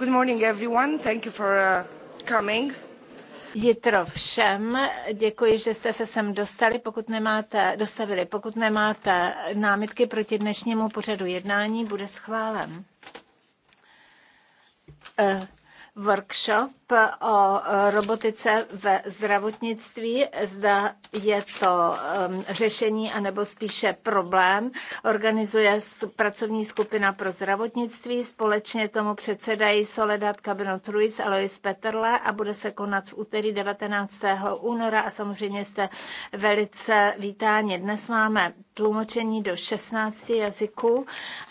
Good morning everyone. Thank you for uh, coming. Jitro všem, děkuji, že jste se sem dostali, pokud nemáte, dostavili. Pokud nemáte námitky proti dnešnímu pořadu jednání, bude schválen. Uh workshop o e, robotice ve zdravotnictví. Zda je to řešení anebo spíše problém. Organizuje pracovní skupina pro zdravotnictví. Společně tomu předsedají Soledad Kabinot Ruiz a Lois Peterle a bude se konat v úterý 19. února a samozřejmě jste velice vítáni. Dnes máme tlumočení do 16 jazyků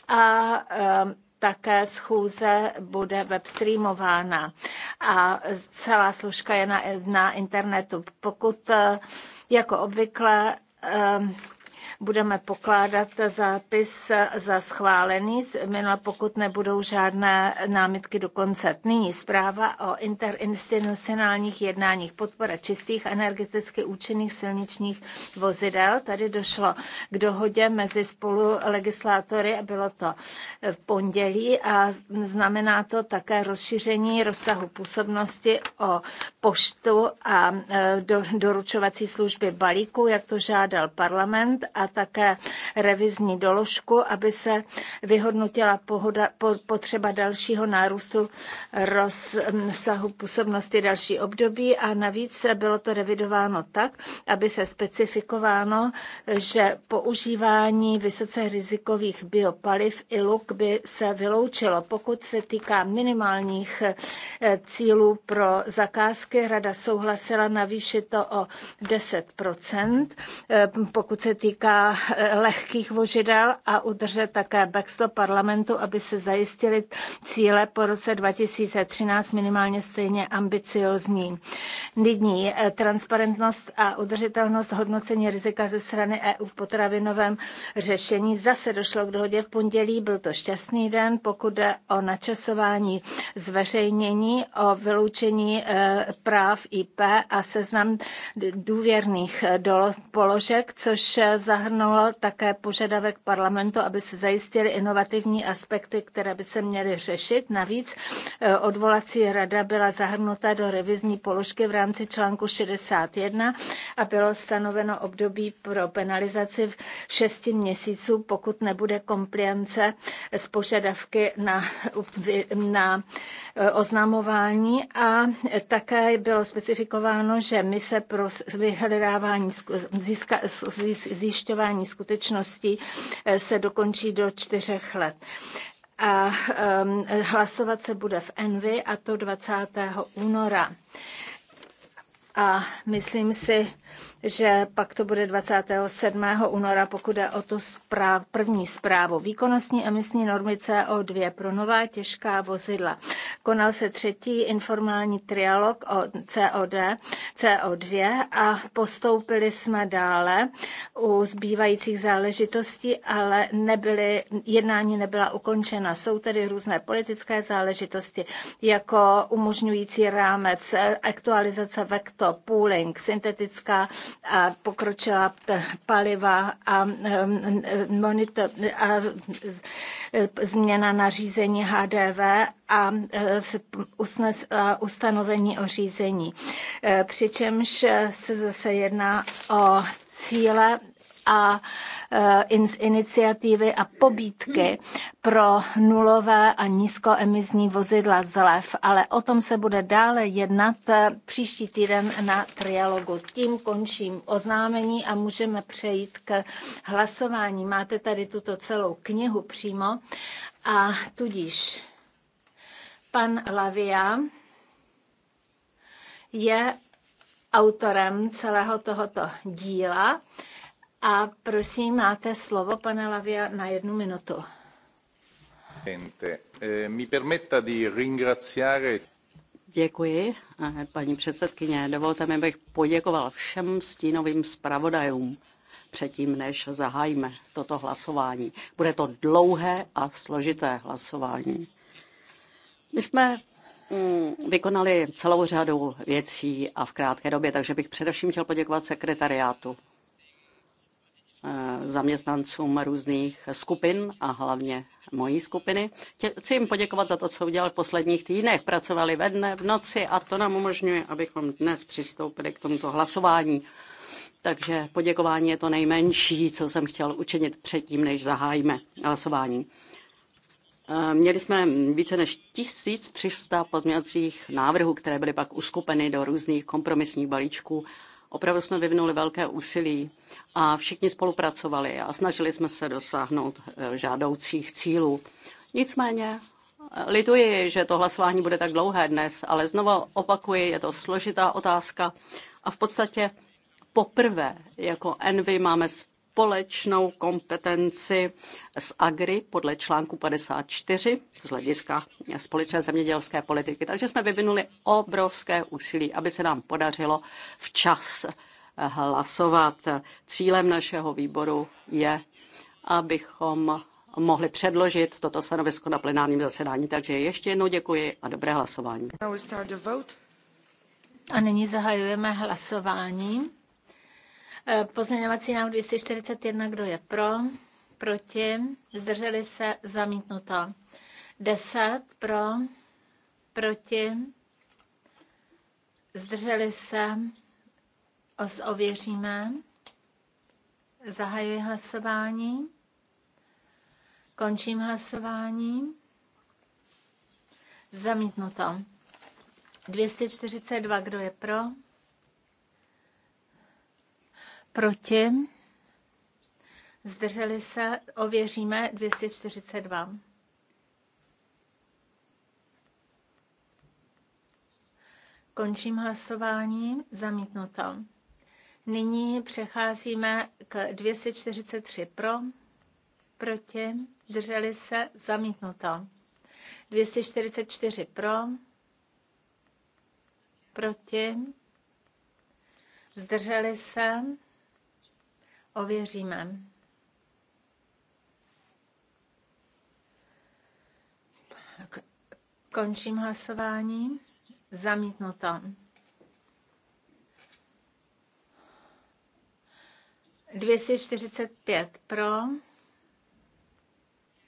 a také schůze bude webstreamována a celá složka je na, na internetu. Pokud eh, jako obvykle eh, budeme pokládat zápis za schválený, pokud nebudou žádné námitky do konce. Nyní zpráva o interinstitucionálních jednáních podpora čistých energeticky účinných silničních vozidel. Tady došlo k dohodě mezi spolu legislátory a bylo to v pondělí a znamená to také rozšíření rozsahu působnosti o poštu a e, doručovací služby balíku, jak to žádal parlament a také revizní doložku, aby se vyhodnotila pohoda, po, potřeba dalšího nárůstu rozsahu působnosti další období a navíc bylo to revidováno tak, aby se specifikováno, že používání vysoce rizikových biopaliv i luk by se vyloučilo. Pokud se týká minimálních eh, cílů pro zakázky, rada souhlasila navýšit to o 10 eh, pokud se týká lehkých vozidel a udržet také backstop parlamentu, aby se zajistili cíle po roce 2013 minimálně stejně ambiciozní. Nyní eh, transparentnost a udržitelnost hodnocení rizika ze strany EU v potravinovém řešení. Zase došlo k dohodě v pondělí, byl to šťastný den, pokud jde o načasování zveřejnění, o vyloučení eh, práv IP a seznam důvěrných položek, eh, což zahrnuje zahrnul také požadavek parlamentu, aby se zajistily inovativní aspekty, které by se měly řešit. Navíc eh, odvolací rada byla zahrnuta do revizní položky v rámci článku 61 a bylo stanoveno období pro penalizaci v 6 měsíců, pokud nebude kompliance z požadavky na, na eh, oznamování a také bylo specifikováno, že my se pro vyhledávání získa, zjišťování vypracování skutečnosti eh, se dokončí do čtyřech let a um, hlasovat se bude v Envy a to 20. února. A myslím si, že pak to bude 27. února, pokud je o tu zpráv, první zprávu. Výkonnostní emisní normy CO2 pro nová těžká vozidla. Konal se třetí informální trialog o COD, CO2 a postoupili jsme dále u zbývajících záležitostí, ale nebyly, jednání nebyla ukončena. Jsou tedy různé politické záležitosti, jako umožňující rámec, e, aktualizace vector, pooling, syntetická a pokročila paliva a, monitor, a e, změna nařízení HDV a e, usnes, ustanovení o řízení. E, přičemž se zase jedná o cíle a eh, iniciativy a pobídky pro nulové a nízkoemizní vozidla z lev, ale o tom se bude dále jednat eh, příští týden na trialogu. Tím končím oznámení a můžeme přejít k hlasování. Máte tady tuto celou knihu přímo a tudíž pan Lavia je autorem celého tohoto díla a prosím, máte slovo, pane Lavia, na jednu minutu. Eh, Děkuji, eh, paní předsedkyně. Dovolte mi, bych poděkoval všem stínovým zpravodajům předtím, než zahájíme toto hlasování. Bude to dlouhé a složité hlasování. My jsme mm, vykonali celou řadu věcí a v krátké době, takže bych především chtěl poděkovat sekretariátu Eh, zaměstnancům různých skupin a hlavně mojí skupiny. Chci jim poděkovat za to, co udělal v posledních týdnech. Pracovali ve dne, v noci a to nám umožňuje, abychom dnes přistoupili k tomuto hlasování. Takže poděkování je to nejmenší, co jsem chtěl učinit předtím, než zahájíme hlasování. Eh, měli jsme více než 1300 pozměňovacích návrhů, které byly pak uskupeny do různých kompromisních balíčků Opravdu jsme vyvinuli velké úsilí a všichni spolupracovali a snažili jsme se dosáhnout eh, žádoucích cílů. Nicméně eh, lituji, že to hlasování bude tak dlouhé dnes, ale znovu opakuji, je to složitá otázka a v podstatě poprvé jako Envy máme společnou kompetenci s Agri podle článku 54 z hlediska společné zemědělské politiky. Takže jsme vyvinuli obrovské úsilí, aby se nám podařilo včas hlasovat. Cílem našeho výboru je, abychom mohli předložit toto stanovisko na plenárním zasedání. Takže ještě jednou děkuji a dobré hlasování. A nyní zahajujeme hlasování. Eh, pozměňovací návrh 241, kdo je pro? Proti? Zdrželi se? Zamítnuto. 10 pro? Proti? Zdrželi se? Os ověříme. Zahajuji hlasování. Končím hlasování. Zamítnuto. 242, kdo je pro? Proti? Zdrželi se? Ověříme 242. Končím hlasování. Zamítnuto. Nyní přecházíme k 243 pro, proti, drželi se, zamítnuto. 244 pro, proti, zdrželi se, Ověříme. Končím hlasování. Zamítnuto. Dvěstě čtyřicet pět pro,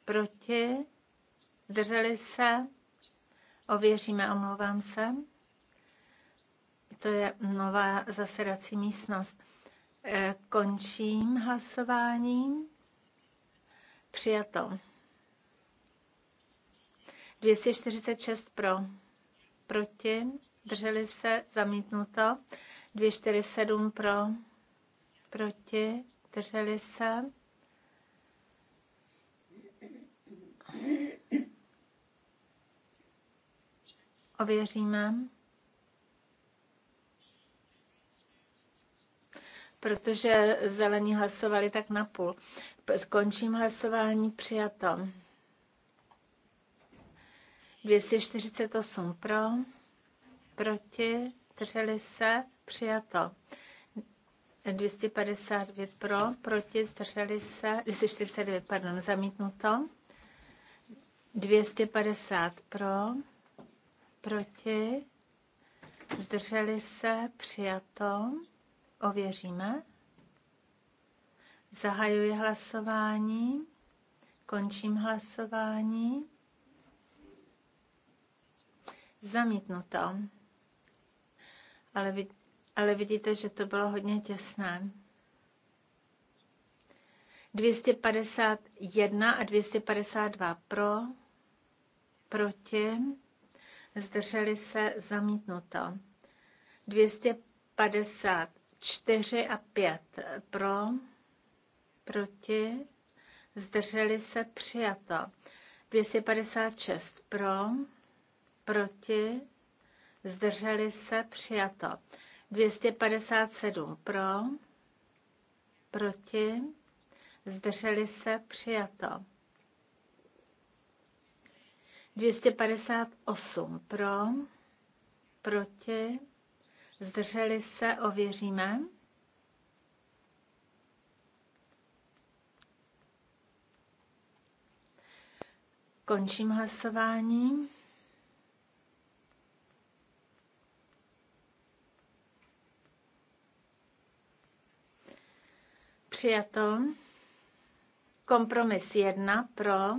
proti, drželi se, ověříme, omlouvám se. To je nová zasedací místnost. Eh, končím hlasováním. Přijato. 246 pro, proti, drželi se, zamítnuto. 247 pro, proti, drželi se. Ověříme. protože zelení hlasovali tak napůl. Skončím hlasování, přijato. 248 pro, proti, drželi se, přijato. 259 pro, proti, zdrželi se, 249, pardon, zamítnuto. 250 pro, proti, zdrželi se, přijato. Ověříme. Zahajuji hlasování. Končím hlasování. Zamítnuto. Ale, vid, ale vidíte, že to bylo hodně těsné. 251 a 252 pro, proti, zdrželi se zamítnuto. 250 4 a 5 pro, proti, zdrželi se přijato. 256 pro, proti, zdrželi se přijato. 257 pro, proti, zdrželi se přijato. 258 pro, proti, Zdrželi se, ověříme. Končím hlasování. Přijato. Kompromis jedna pro,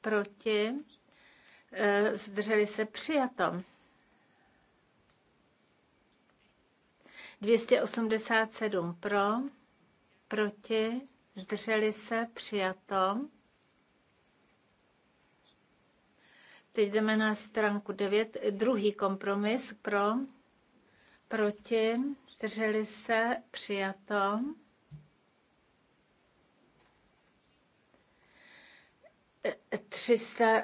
proti, eh, zdrželi se přijato. 287 pro, proti, zdrželi se, přijato. Teď jdeme na stránku 9, druhý kompromis pro, proti, zdrželi se, přijato. Třista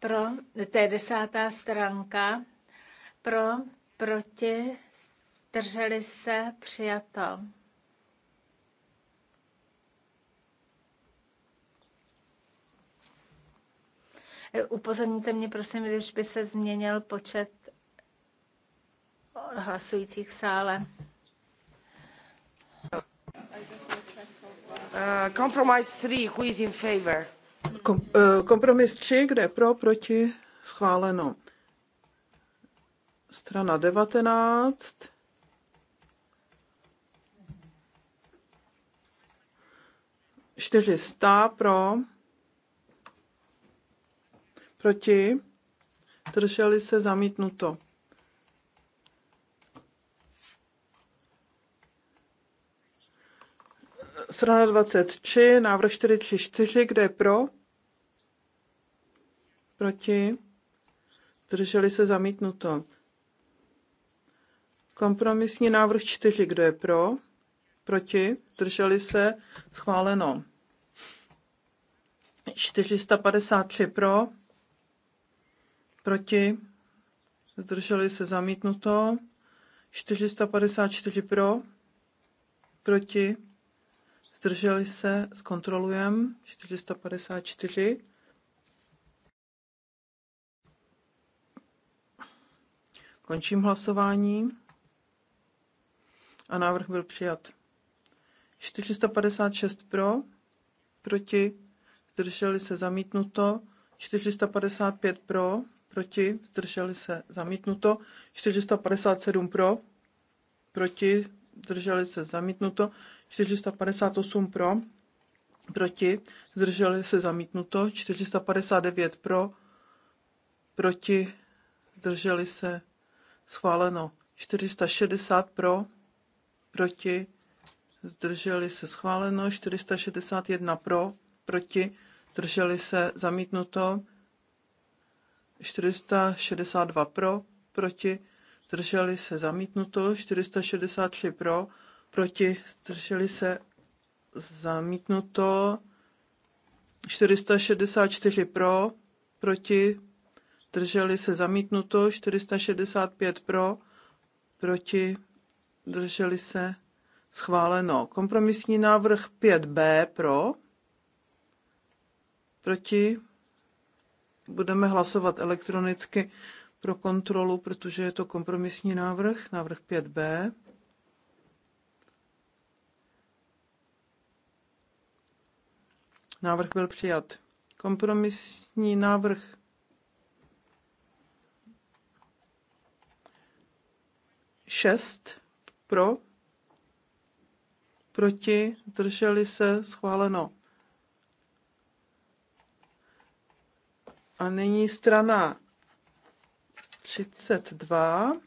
pro, to je desátá stránka, pro, proti, zdrželi se, přijata. E, upozorníte mě, prosím, když by se změnil počet hlasujících v sále. Uh, compromise 3, who is in favor? Kom, uh, kompromis 3, kde pro, proti, schváleno. Strana 19. 400 pro, proti, drželi se zamítnuto. Strana 23, návrh 434, kde je pro? Proti? Drželi se zamítnuto. Kompromisní návrh 4, kdo je pro? proti, zdrželi se, schváleno. 453 pro, proti, zdrželi se, zamítnuto. 454 pro, proti, zdrželi se, zkontrolujem. 454. Končím hlasování. A návrh byl přijat. 456 pro, proti, zdrželi se zamítnuto, 455 pro, proti, zdrželi se zamítnuto, 457 pro, proti, zdrželi se zamítnuto, 458 pro, proti, zdrželi se zamítnuto, 459 pro, proti, zdrželi se schváleno, 460 pro, proti, zdrželi se schváleno, 461 pro, proti, zdrželi se zamítnuto, 462 pro, proti, zdrželi se zamítnuto, 463 pro, proti, zdrželi se zamítnuto, 464 pro, proti, zdrželi se zamítnuto, 465 pro, proti, zdrželi se Schváleno. Kompromisní návrh 5b pro. Proti. Budeme hlasovat elektronicky pro kontrolu, protože je to kompromisní návrh, návrh 5b. Návrh byl přijat. Kompromisní návrh šest pro proti, zdrželi se, schváleno. A nyní strana 32.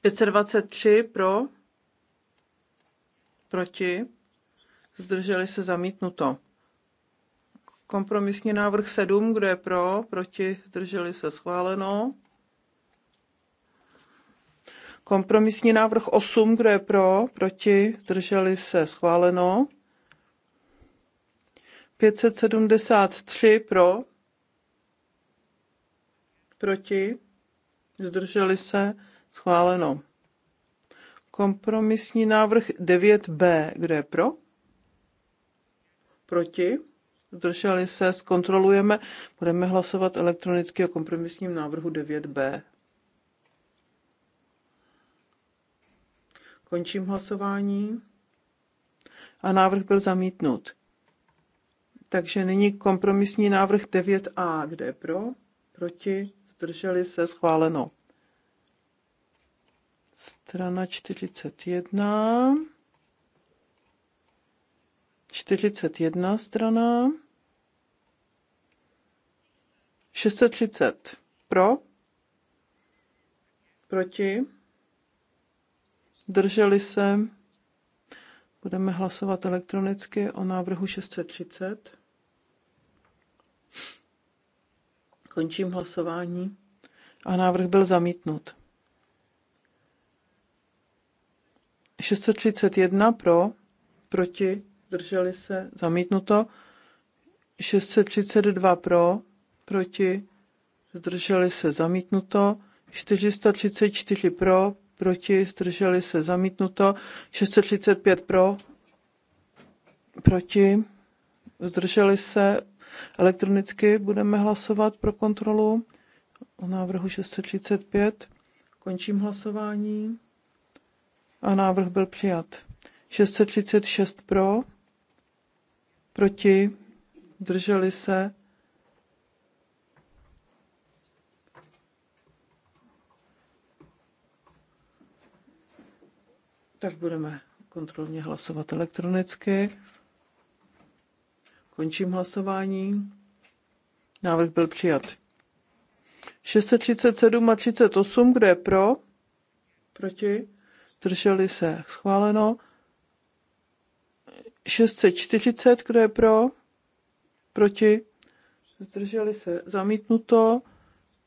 Pětset dvacet tři pro, proti, zdrželi se zamítnuto. Kompromisní návrh 7, kdo je pro, proti, zdrželi se schváleno. Kompromisní návrh 8, kdo je pro, proti, zdrželi se schváleno. 573 pro, proti, zdrželi se schváleno. Kompromisní návrh 9b, kdo je pro, proti, zdrželi se, zkontrolujeme. Budeme hlasovat elektronicky o kompromisním návrhu 9b. Končím hlasování. A návrh byl zamítnut. Takže nyní kompromisní návrh 9a. Kde je pro? Proti? Zdrželi se? Schváleno. Strana 41. 41 strana. 630 pro, proti, drželi se, budeme hlasovat elektronicky o návrhu 630. Končím hlasování a návrh byl zamítnut. 631 pro, proti, zdrželi se, zamítnuto. 632 pro, proti, zdrželi se, zamítnuto. 434 pro, proti, zdrželi se, zamítnuto. 635 pro, proti, zdrželi se. Elektronicky budeme hlasovat pro kontrolu o návrhu 635. Končím hlasování. A návrh byl přijat. 636 pro, proti, drželi se. Tak budeme kontrolně hlasovat elektronicky. Končím hlasování. Návrh byl přijat. 637 a 38, kde je pro? Proti? Drželi se. Schváleno. 640, kdo je pro? Proti? Zdrželi se. Zamítnuto.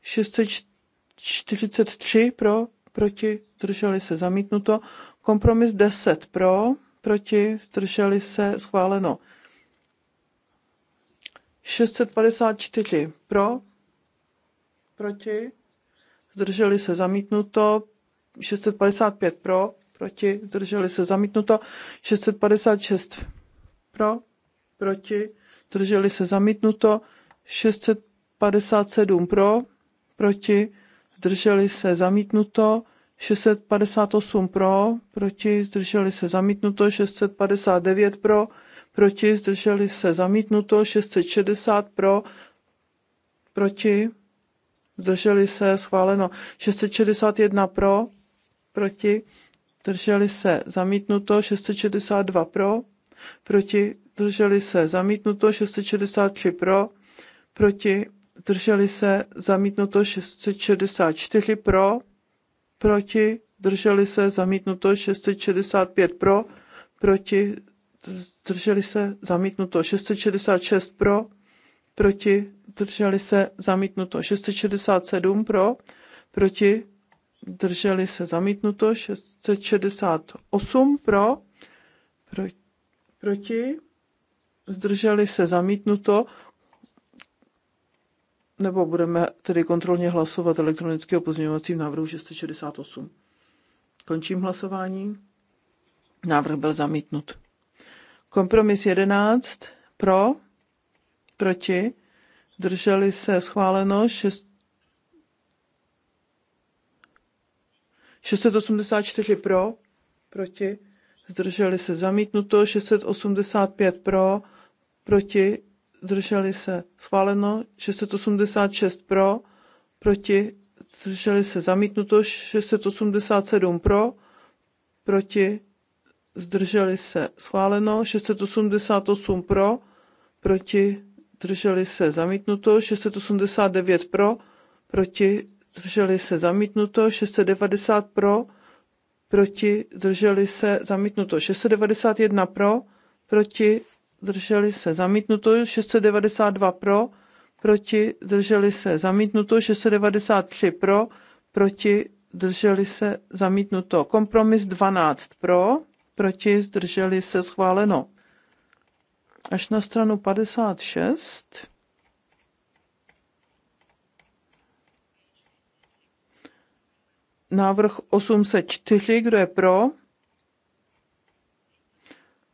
643 pro? Proti? Zdrželi se. Zamítnuto. Kompromis 10 pro? Proti? Zdrželi se. Schváleno. 654 pro? Proti? Zdrželi se. Zamítnuto. 655 pro? proti, zdrželi se zamítnuto, 656 pro, proti, zdrželi se zamítnuto, 657 pro, proti, zdrželi se zamítnuto, 658 pro, proti, zdrželi se zamítnuto, 659 pro, proti, zdrželi se zamítnuto, 660 pro, proti, zdrželi se schváleno, 661 pro, proti, drželi se zamítnuto, 662 pro, proti, drželi se zamítnuto, 663 pro, proti, drželi se zamítnuto, 664 pro, proti, drželi se zamítnuto, 665 pro, proti, drželi se zamítnuto, 666 pro, proti, drželi se zamítnuto, 667 pro, proti, drželi se zamítnuto, 668 pro, pro proti, zdrželi se zamítnuto, nebo budeme tedy kontrolně hlasovat elektronicky o pozměňovacím návrhu 668. Končím hlasování. Návrh byl zamítnut. Kompromis 11 pro, proti, zdrželi se schváleno 6 684 pro, proti, zdrželi se zamítnuto, 685 pro, proti, zdrželi se schváleno, 686 pro, proti, zdrželi se zamítnuto, 687 pro, proti, zdrželi se schváleno, 688 pro, proti, zdrželi se zamítnuto, 689 pro, proti, zdrželi se zamítnuto, 690 pro, proti, zdrželi se zamítnuto, 691 pro, proti, zdrželi se zamítnuto, 692 pro, proti, zdrželi se zamítnuto, 693 pro, proti, zdrželi se zamítnuto. Kompromis 12 pro, proti, zdrželi se schváleno. Až na stranu 56 návrh 804, kdo je pro?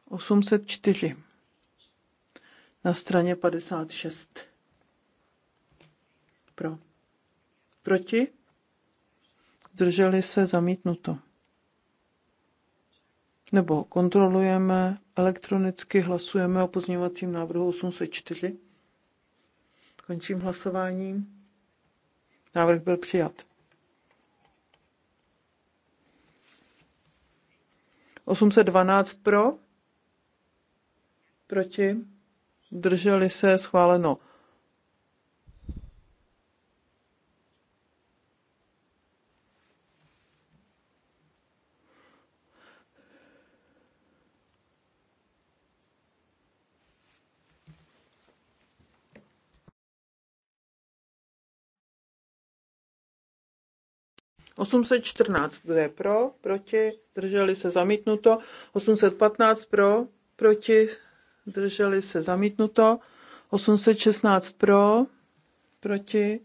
804 na straně 56. Pro. Proti? Drželi se zamítnuto. Nebo kontrolujeme, elektronicky hlasujeme o pozměňovacím návrhu 804. Končím hlasování. Návrh byl přijat. 812 pro, proti, drželi se, schváleno. 814, kdo je pro, proti, drželi se zamítnuto. 815 pro, proti, drželi se zamítnuto. 816 pro, proti,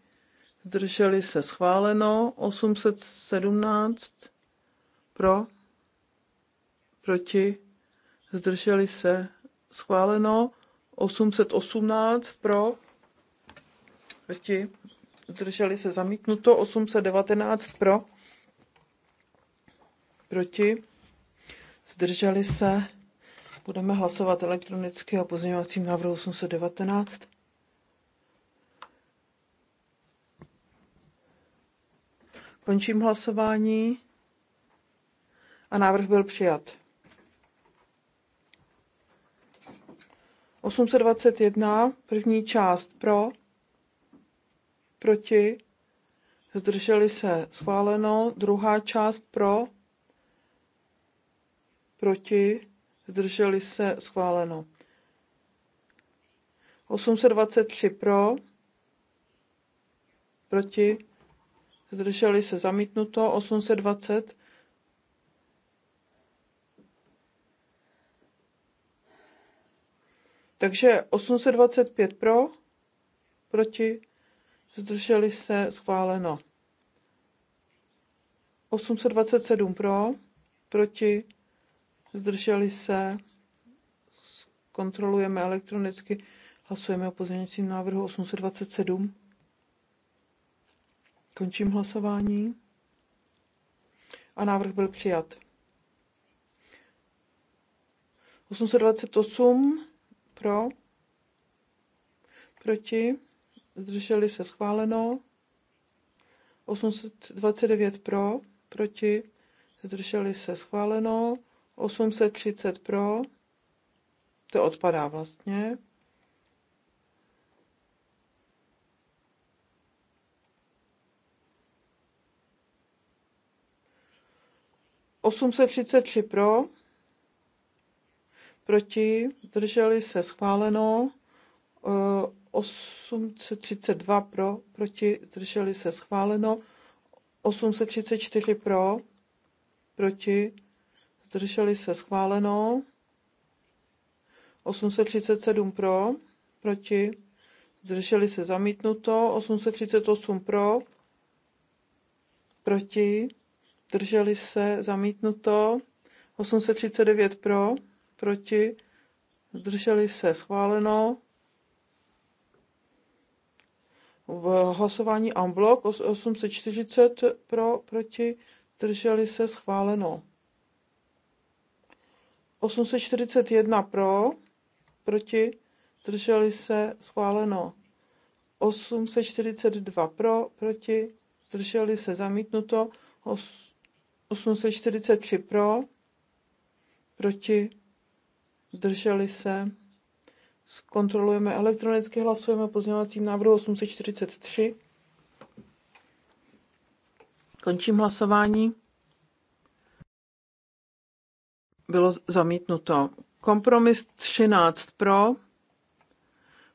zdrželi se schváleno. 817 pro, proti, zdrželi se schváleno. 818 pro, proti, zdrželi se zamítnuto, 819 pro, proti, zdrželi se, budeme hlasovat elektronicky o pozměňovacím návrhu 819. Končím hlasování a návrh byl přijat. 821, první část pro, proti, zdrželi se schváleno, druhá část pro, proti, zdrželi se schváleno. 823 pro, proti, zdrželi se zamítnuto, 820 Takže 825 pro, proti, zdrželi se, schváleno. 827 pro, proti, zdrželi se, kontrolujeme elektronicky, hlasujeme o pozměňovacím návrhu 827. Končím hlasování. A návrh byl přijat. 828 pro, proti, zdrželi se schváleno, 829 pro, proti, zdrželi se schváleno, 830 pro, to odpadá vlastně, Osmset třicet tři pro, proti, drželi se schváleno, 832 pro, proti, zdrželi se schváleno, 834 pro, proti, zdrželi se schváleno, 837 pro, proti, zdrželi se zamítnuto, 838 pro, proti, zdrželi se zamítnuto, 839 pro, proti, zdrželi se schváleno, v hlasování amblok 840 pro, proti, drželi se schváleno. 841 pro, proti, drželi se schváleno. 842 pro, proti, zdrželi se zamítnuto. 843 pro, proti, zdrželi se zkontrolujeme elektronicky, hlasujeme o pozměňovacím návrhu 843. Končím hlasování. Bylo zamítnuto. Kompromis 13 pro,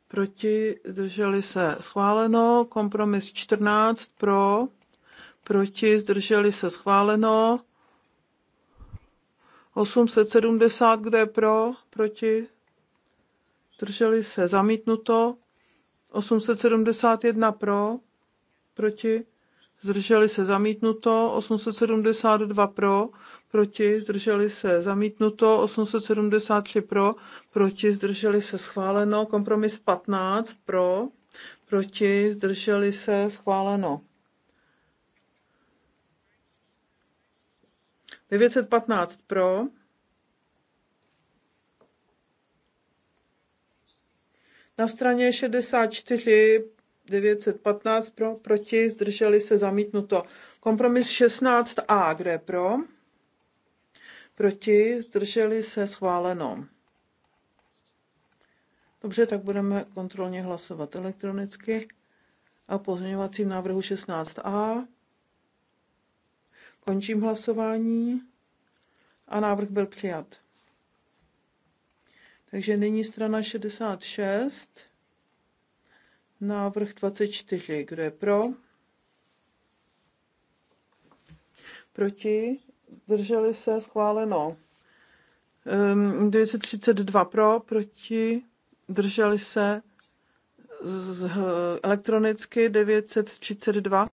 proti zdrželi se schváleno. Kompromis 14 pro, proti zdrželi se schváleno. 870, kde je pro, proti zdrželi se, zamítnuto. 871 pro, proti, zdrželi se, zamítnuto. 872 pro, proti, zdrželi se, zamítnuto. 873 pro, proti, zdrželi se, schváleno. Kompromis 15 pro, proti, zdrželi se, schváleno. 915 pro, Na straně 64 915 pro, proti, zdrželi se zamítnuto. Kompromis 16a, kde pro? Proti, zdrželi se schváleno. Dobře, tak budeme kontrolně hlasovat elektronicky a pozměňovacím návrhu 16a. Končím hlasování a návrh byl přijat. Takže nyní strana 66, návrh 24. Kdo je pro? Proti? Drželi se? Schváleno. 232 ehm, pro, proti? Drželi se? Z, elektronicky 932.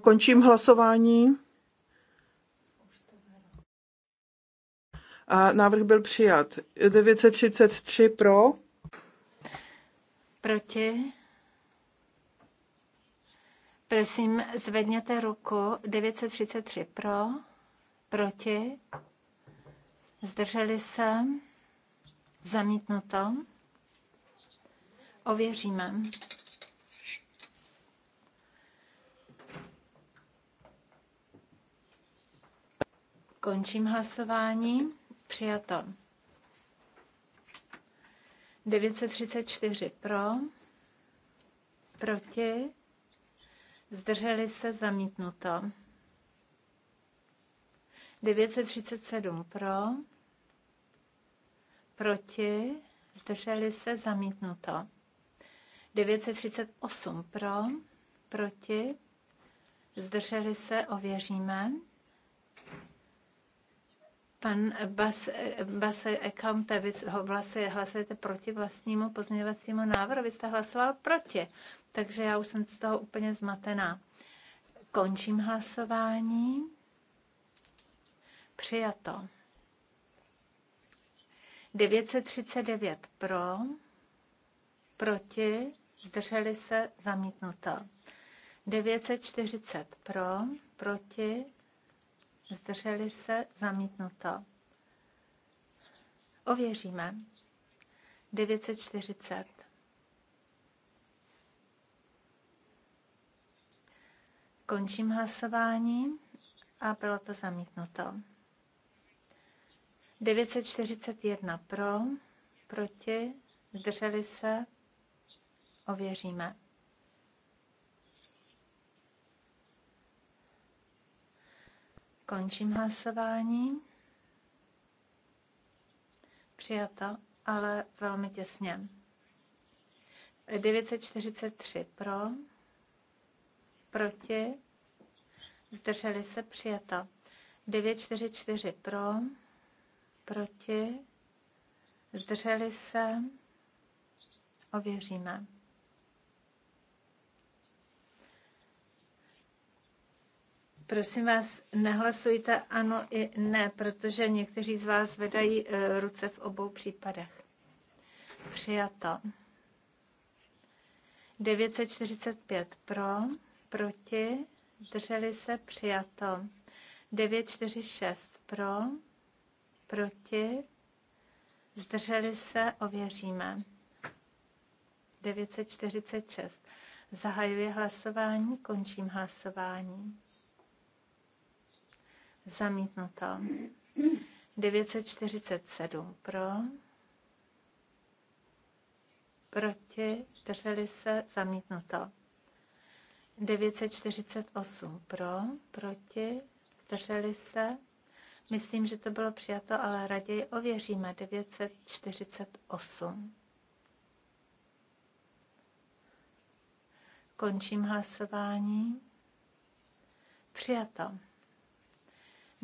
Končím hlasování. a návrh byl přijat. 933 pro. Proti. Prosím, zvedněte ruku. 933 pro. Proti. Zdrželi se. Zamítnuto. Ověříme. Končím hlasování. Přijato. 934 pro, proti, zdrželi se zamítnuto. 937 pro, proti, zdrželi se zamítnuto. 938 pro, proti, zdrželi se, ověříme. Pan Bas, Bas, Ekampe, vy hlasuje, hlasujete proti vlastnímu pozměňovacímu návrhu, vy jste hlasoval proti, takže já už jsem z toho úplně zmatená. Končím hlasování. Přijato. 939 pro, proti, zdrželi se, zamítnuto. 940 pro, proti, zdrželi se, zamítnuto. Ověříme. 940. Končím hlasování a bylo to zamítnuto. 941 pro, proti, zdrželi se, ověříme. Končím hlasování. Přijato, ale velmi těsně. 943 pro, proti, zdrželi se, přijato. 944 pro, proti, zdrželi se, ověříme. Prosím vás, nehlasujte ano i ne, protože někteří z vás vedají eh, ruce v obou případech. Přijato. 945 pro, proti, drželi se, přijato. 946 pro, proti, zdrželi se, ověříme. 946. Zahajuji hlasování, končím hlasování. Zamítnuto. 947 pro. Proti. Drželi se. Zamítnuto. 948 pro. Proti. Drželi se. Myslím, že to bylo přijato, ale raději ověříme. 948. Končím hlasování. Přijato.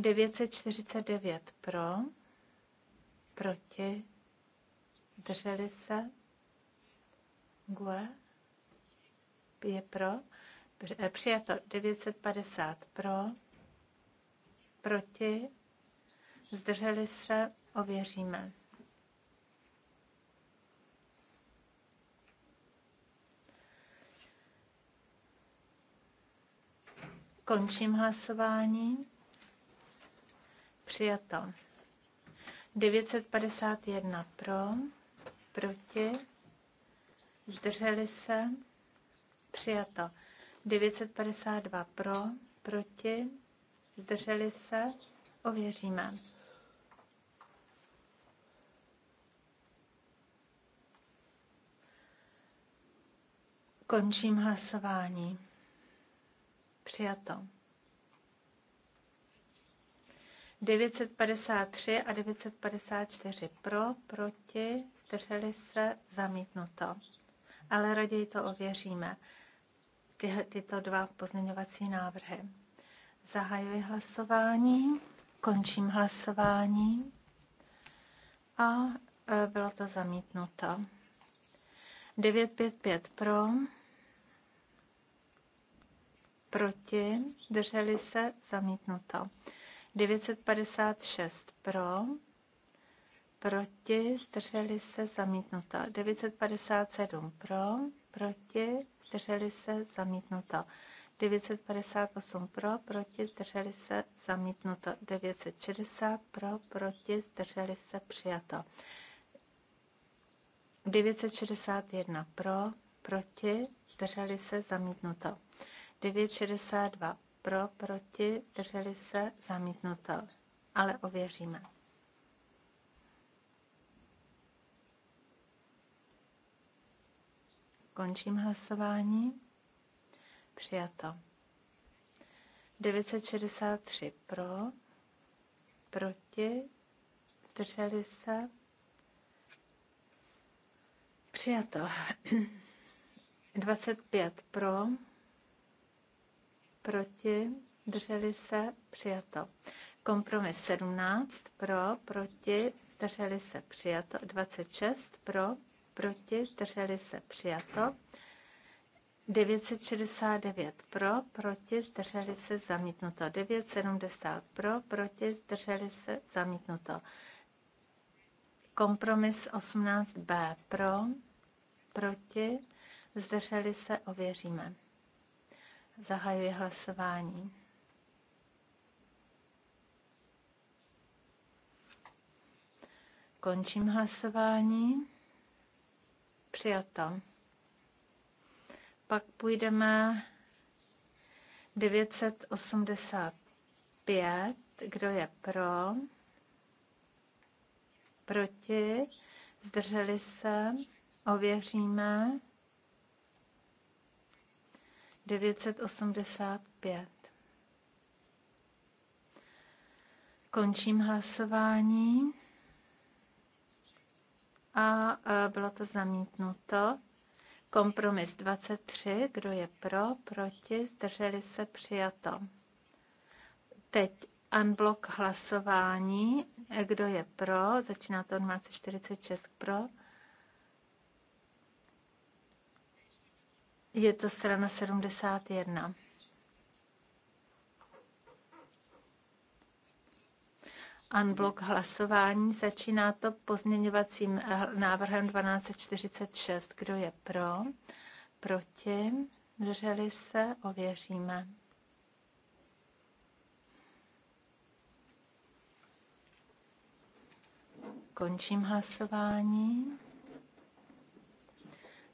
949 pro, proti, drželi se, Gue je pro, eh, přijato 950 pro, proti, zdrželi se, ověříme. Končím hlasování. Přijato. 951 pro, proti, zdrželi se, přijato. 952 pro, proti, zdrželi se, ověříme. Končím hlasování. Přijato. 953 a 954 pro, proti, zdrželi se, zamítnuto. Ale raději to ověříme, ty, tyto dva pozměňovací návrhy. Zahajuji hlasování, končím hlasování a e, bylo to zamítnuto. 955 pro, proti, drželi se, zamítnuto. 956 pro, proti, zdrželi se, zamítnuto. 957 pro, proti, zdrželi se, zamítnuto. 958 pro, proti, zdrželi se, zamítnuto. 960 pro, proti, zdrželi se, přijato. 961 pro, proti, zdrželi se, zamítnuto. 962 pro, proti, drželi se, zamítnuto. Ale ověříme. Končím hlasování. Přijato. 963 pro, proti, drželi se. Přijato. 25 pro, proti, drželi se, přijato. Kompromis 17 pro, proti, zdrželi se, přijato. 26 pro, proti, zdrželi se, přijato. 969 pro, proti, zdrželi se, zamítnuto. 970 pro, proti, zdrželi se, zamítnuto. Kompromis 18b pro, proti, zdrželi se, ověříme. Zahajuji hlasování. Končím hlasování. Přijato. Pak půjdeme 985. Kdo je pro? Proti? Zdrželi se? Ověříme. 985. Končím hlasování. A e, bylo to zamítnuto. Kompromis 23. Kdo je pro, proti, zdrželi se, přijato. Teď unblock hlasování. Kdo je pro? Začíná to od 46 pro, Je to strana 71. Unblock hlasování. Začíná to pozměňovacím eh, návrhem 1246. Kdo je pro? Proti? Drželi se? Ověříme. Končím hlasování.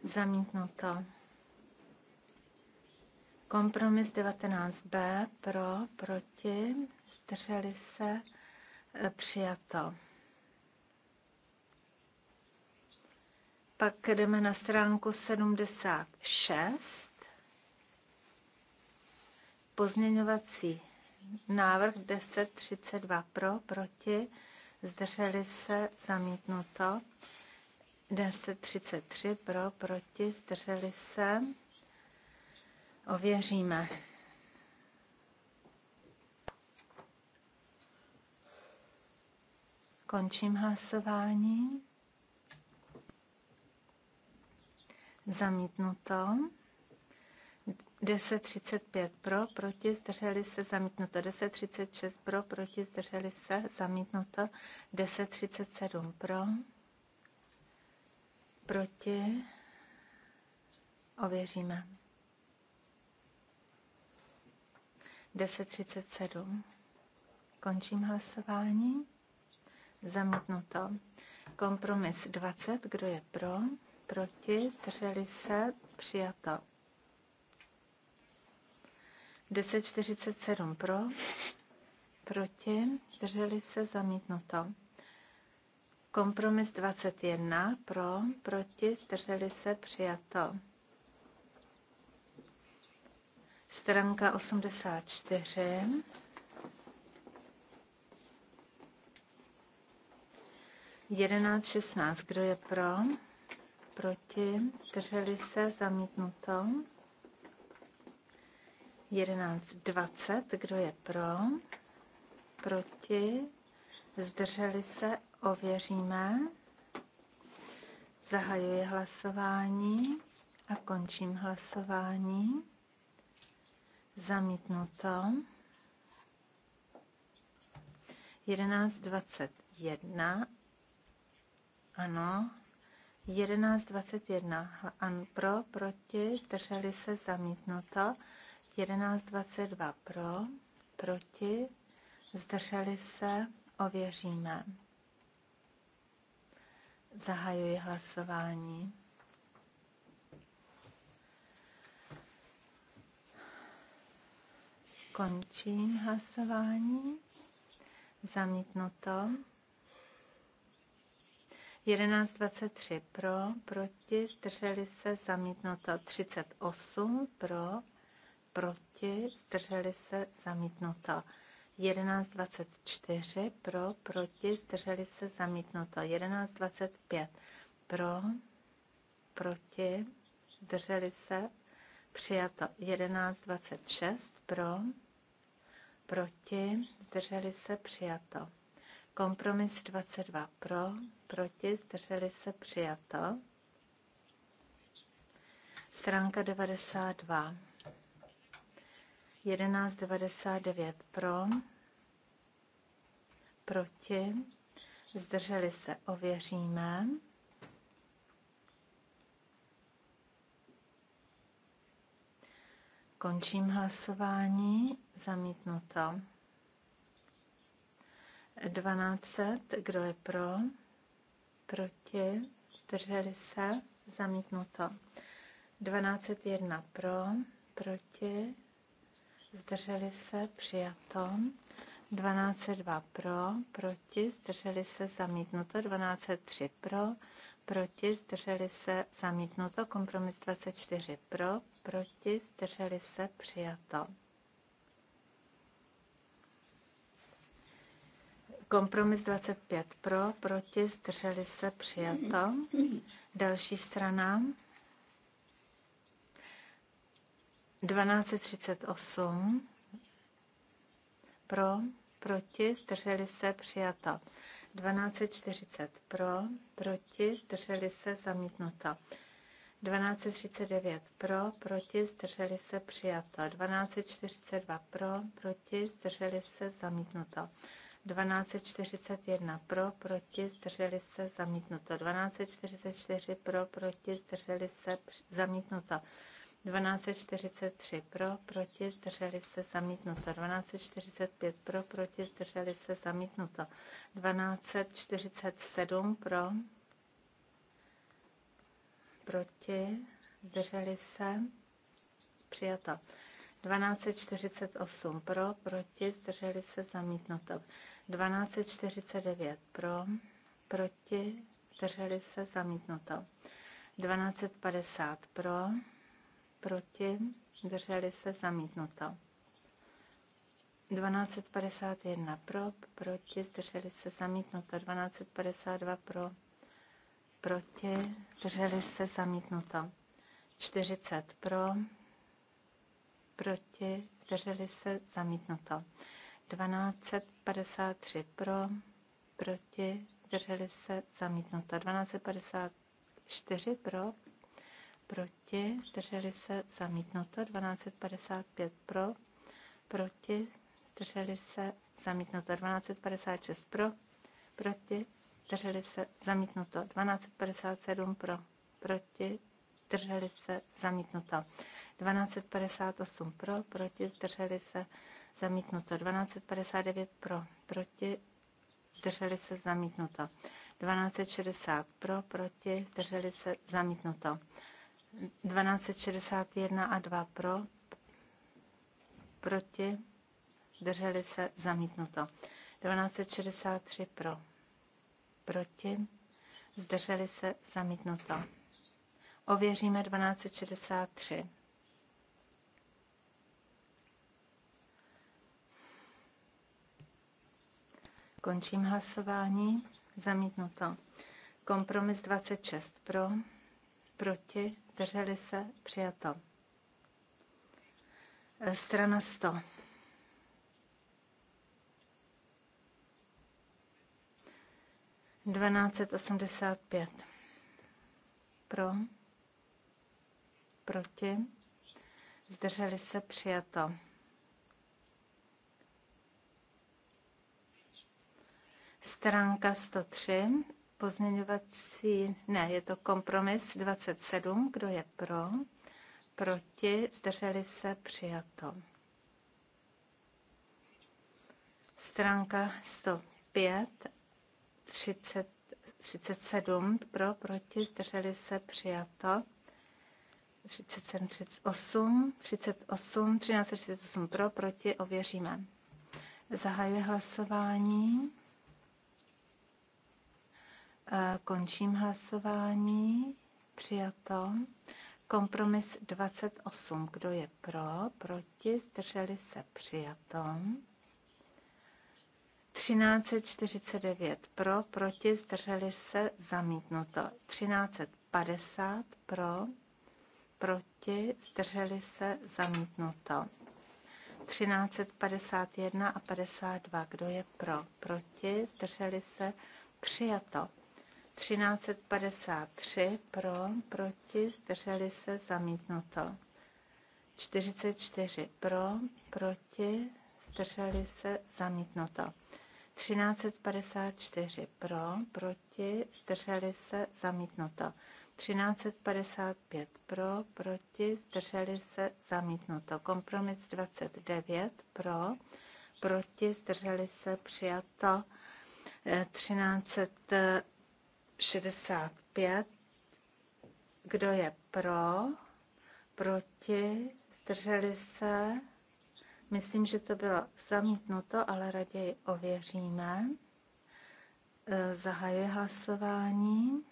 Zamítnuto. Kompromis 19b pro, proti, zdrželi se, e, přijato. Pak jdeme na stránku 76. Pozměňovací návrh 1032 pro, proti, zdrželi se, zamítnuto. 1033 pro, proti, zdrželi se. Ověříme. Končím hlasování. Zamítnuto. 10.35 pro, proti, zdrželi se, zamítnuto. 10.36 pro, proti, zdrželi se, zamítnuto. 10.37 pro, proti, ověříme. 1037. Končím hlasování. Zamítnuto. Kompromis 20. Kdo je pro? Proti? Zdrželi se? Přijato. 1047 pro, proti, drželi se zamítnuto. Kompromis 21 pro, proti, zdrželi se přijato stránka 84. Jedenáct, šestnáct. Kdo je pro? Proti? Drželi se? Zamítnuto. Jedenáct, dvacet. Kdo je pro? Proti? Zdrželi se? Ověříme. Zahajuji hlasování a končím hlasování. Zamítnuto. 11.21. Ano. 11.21. Ano. pro, proti, zdrželi se, zamítnuto. 11.22 pro, proti, zdrželi se, ověříme. Zahajuji hlasování. Končím hlasování. Zamítnuto. 11.23 pro, proti, zdrželi se, zamítnuto 38 pro, proti, zdrželi se, zamítnuto 11.24 pro, proti, zdrželi se, zamítnuto 11.25 pro, proti, zdrželi se, přijato 11.26 pro, proti, zdrželi se přijato. Kompromis 22 pro, proti, zdrželi se přijato. Stránka 92. 1199 pro, proti, zdrželi se, ověříme. Končím hlasování Zamítnuto. 12. kdo je pro? Proti? Zdrželi se? Zamítnuto. 1201 pro, proti, zdrželi se, přijato. 1202 pro, proti, zdrželi se, zamítnuto. 1203 pro, proti, zdrželi se, zamítnuto. Kompromis 24 pro, proti, zdrželi se, přijato. Kompromis 25 pro, proti, zdrželi se, přijato. Další strana. 1238 pro, proti, zdrželi se, přijato. 1240 pro, proti, zdrželi se, zamítnuto. 1239 pro, proti, zdrželi se, přijato. 1242 pro, proti, zdrželi se, zamítnuto. 1241 pro, proti, zdrželi se, zamítnuto. 1244 pro, proti, zdrželi se, zamítnuto. 1243 pro, proti, zdrželi se, zamítnuto. 1245 pro, proti, zdrželi se, zamítnuto. 1247 pro, proti, zdrželi se, přijato. 1248 pro, proti, zdrželi se zamítnuto. 1249 pro, proti, zdrželi se zamítnuto. 1250 pro, proti, zdrželi se zamítnuto. 1251 pro, proti, zdrželi se zamítnuto. 1252 pro, proti, zdrželi se zamítnuto. 40 pro, proti, zdrželi se, zamítnuto. 1253 pro, proti, zdrželi se, zamítnuto. 1254 pro, proti, zdrželi se, zamítnuto. 1255 pro, proti, zdrželi se, zamítnuto. 1256 pro, proti, zdrželi se, zamítnuto. 1257 pro, proti, zdrželi se, zamítnuto. 1258 pro, proti, zdrželi se, zamítnuto. 1259 pro, proti, zdrželi se, zamítnuto. 1260 pro, proti, zdrželi se, zamítnuto. 1261 a 2 pro, proti, zdrželi se, zamítnuto. 1263 pro, proti, zdrželi se, zamítnuto. Ověříme 1263. Končím hlasování. Zamítnuto. Kompromis 26 pro, proti, drželi se, přijato. E, strana 100. Dvanáct osmdesát pět. Pro. Proti. Zdrželi se přijato. Stránka 103, pozměňovací, ne, je to kompromis 27, kdo je pro, proti, zdrželi se, přijato. Stránka 105, 30, 37, pro, proti, zdrželi se, přijato. 37, 38, 38, 13, 38 pro, proti, ověříme. Zahajuje hlasování. Eh, končím hlasování. Přijato. Kompromis 28. Kdo je pro? Proti? Zdrželi se? Přijato. 1349 pro, proti, zdrželi se, zamítnuto. 1350 pro, proti, zdrželi se, zamítnuto. 1351 a 52, kdo je pro, proti, zdrželi se, přijato. 1353 pro, proti, zdrželi se, zamítnuto. 44 pro, proti, zdrželi se, zamítnuto. 1354 pro, proti, zdrželi se, zamítnuto. 1355 pro, proti, zdrželi se, zamítnuto. Kompromis 29 pro, proti, zdrželi se, přijato. 13 eh, 65. Kdo je pro? Proti? Zdrželi se? Myslím, že to bylo zamítnuto, ale raději ověříme. E, zahajuji hlasování.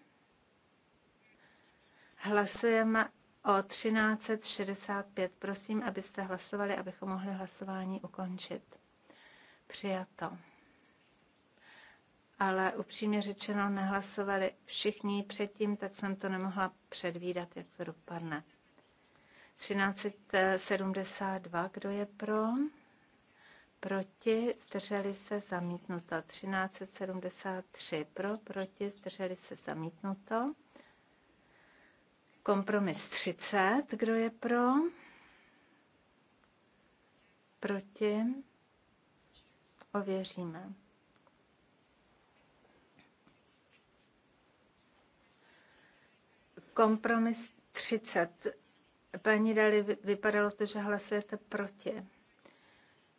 Hlasujeme o 1365. Prosím, abyste hlasovali, abychom mohli hlasování ukončit. Přijato ale upřímně řečeno nehlasovali všichni předtím, tak jsem to nemohla předvídat, jak to dopadne. 1372, kdo je pro? Proti, zdrželi se, zamítnuto. 1373, pro, proti, zdrželi se, zamítnuto. Kompromis 30, kdo je pro? Proti, ověříme. Kompromis 30. Paní Dali, vypadalo to, že hlasujete proti.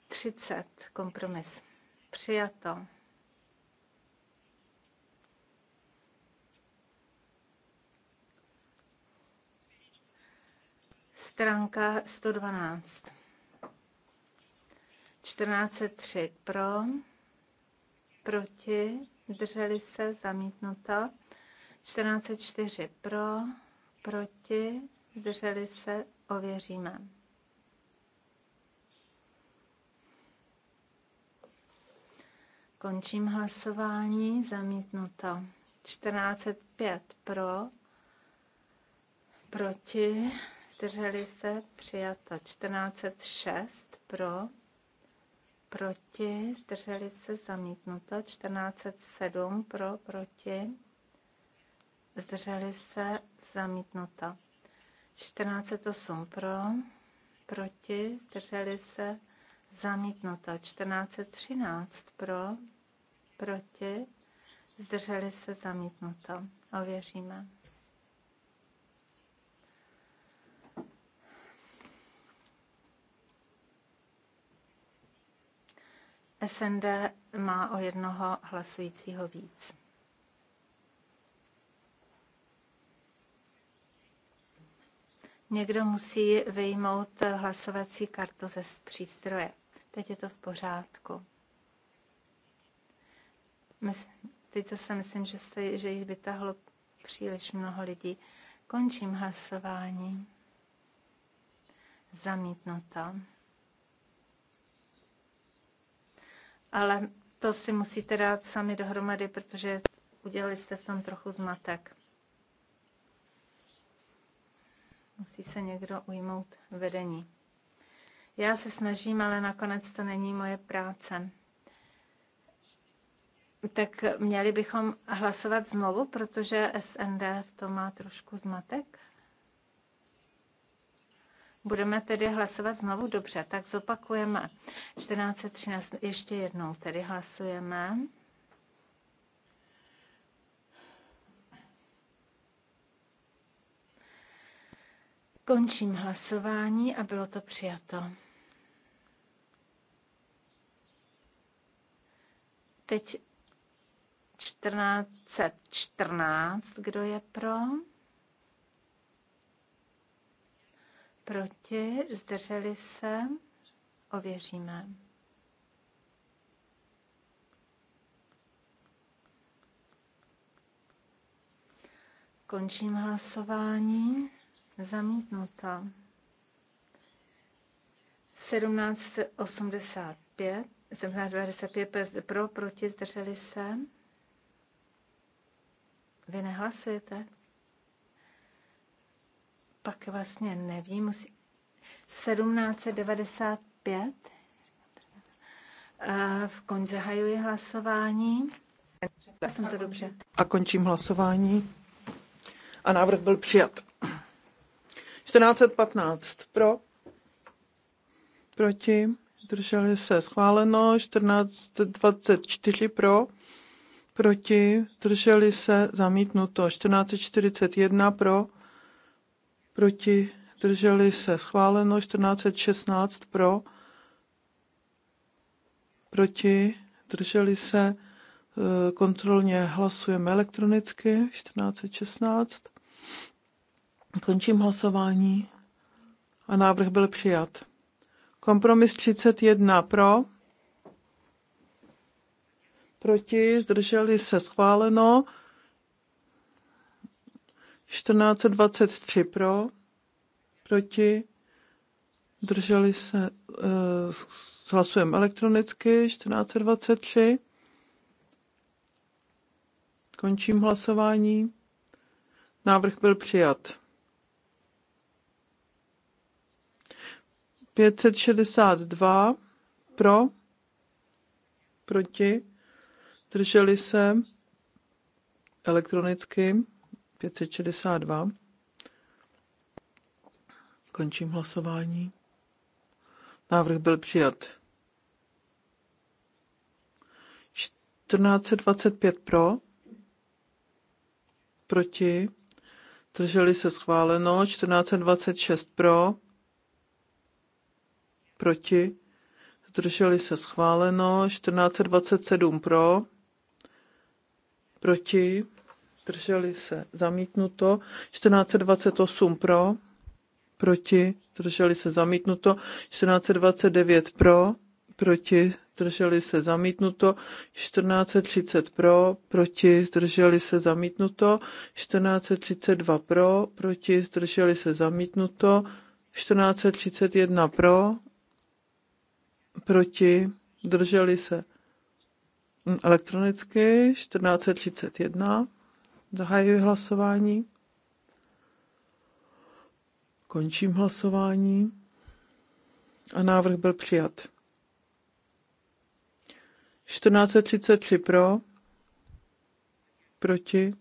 30. Kompromis. Přijato. Stránka 112. 1403 pro, proti, drželi se, zamítnuto. 1404 pro, proti, zdrželi se, ověříme. Končím hlasování, zamítnuto. 1405 pro, proti, zdrželi se, přijato. 1406 pro, proti, zdrželi se, zamítnuto. 1407 pro, proti, zdrželi se, zamítnuto. 1408 pro, proti, zdrželi se, zamítnuto. 1413 pro, proti, zdrželi se, zamítnuto. Ověříme. SND má o jednoho hlasujícího víc. Někdo musí vyjmout hlasovací kartu ze přístroje. Teď je to v pořádku. Myslím, teď zase myslím, že, jste, že jich vytahlo příliš mnoho lidí. Končím hlasování. Zamítnuto. Ale to si musíte dát sami dohromady, protože udělali jste v tom trochu zmatek. Musí se někdo ujmout vedení. Já se snažím, ale nakonec to není moje práce. Tak měli bychom hlasovat znovu, protože SND v tom má trošku zmatek. Budeme tedy hlasovat znovu dobře, tak zopakujeme. 14.13 ještě jednou tedy hlasujeme. Končím hlasování a bylo to přijato. Teď 1414, kdo je pro? Proti, zdrželi se, ověříme. Končím hlasování. Zamítnuto. 1785, 1795 pro, proti, zdrželi se. Vy nehlasujete? Pak vlastně nevím, musí... 1795 eh, v koň zahajuji hlasování. Já jsem to dobře. A končím hlasování. A návrh byl přijat. 1415 pro, proti, zdrželi se schváleno, 1424 pro, proti, zdrželi se zamítnuto, 1441 pro, proti, zdrželi se schváleno, 1416 pro, proti, zdrželi se eh, kontrolně hlasujeme elektronicky, 1416. Končím hlasování. A návrh byl přijat. Kompromis 31 pro. Proti, zdrželi se schváleno. 1423 pro. Proti, zdrželi se, eh, hlasujeme elektronicky, 1423. Končím hlasování. Návrh byl přijat. 562 pro, proti, drželi se elektronicky 562. Končím hlasování. Návrh byl přijat. 1425 pro, proti, drželi se schváleno, 1426 pro, proti, zdrželi se schváleno, 1427 pro, proti, zdrželi se zamítnuto, 1428 pro, proti, zdrželi se zamítnuto, 1429 pro, proti, zdrželi se zamítnuto, 1430 pro, proti, zdrželi se zamítnuto, 1432 pro, proti, zdrželi se zamítnuto, 1431 pro, proti, drželi se hm, elektronicky 1431. Zahajuji hlasování. Končím hlasování. A návrh byl přijat. 1433 pro, proti,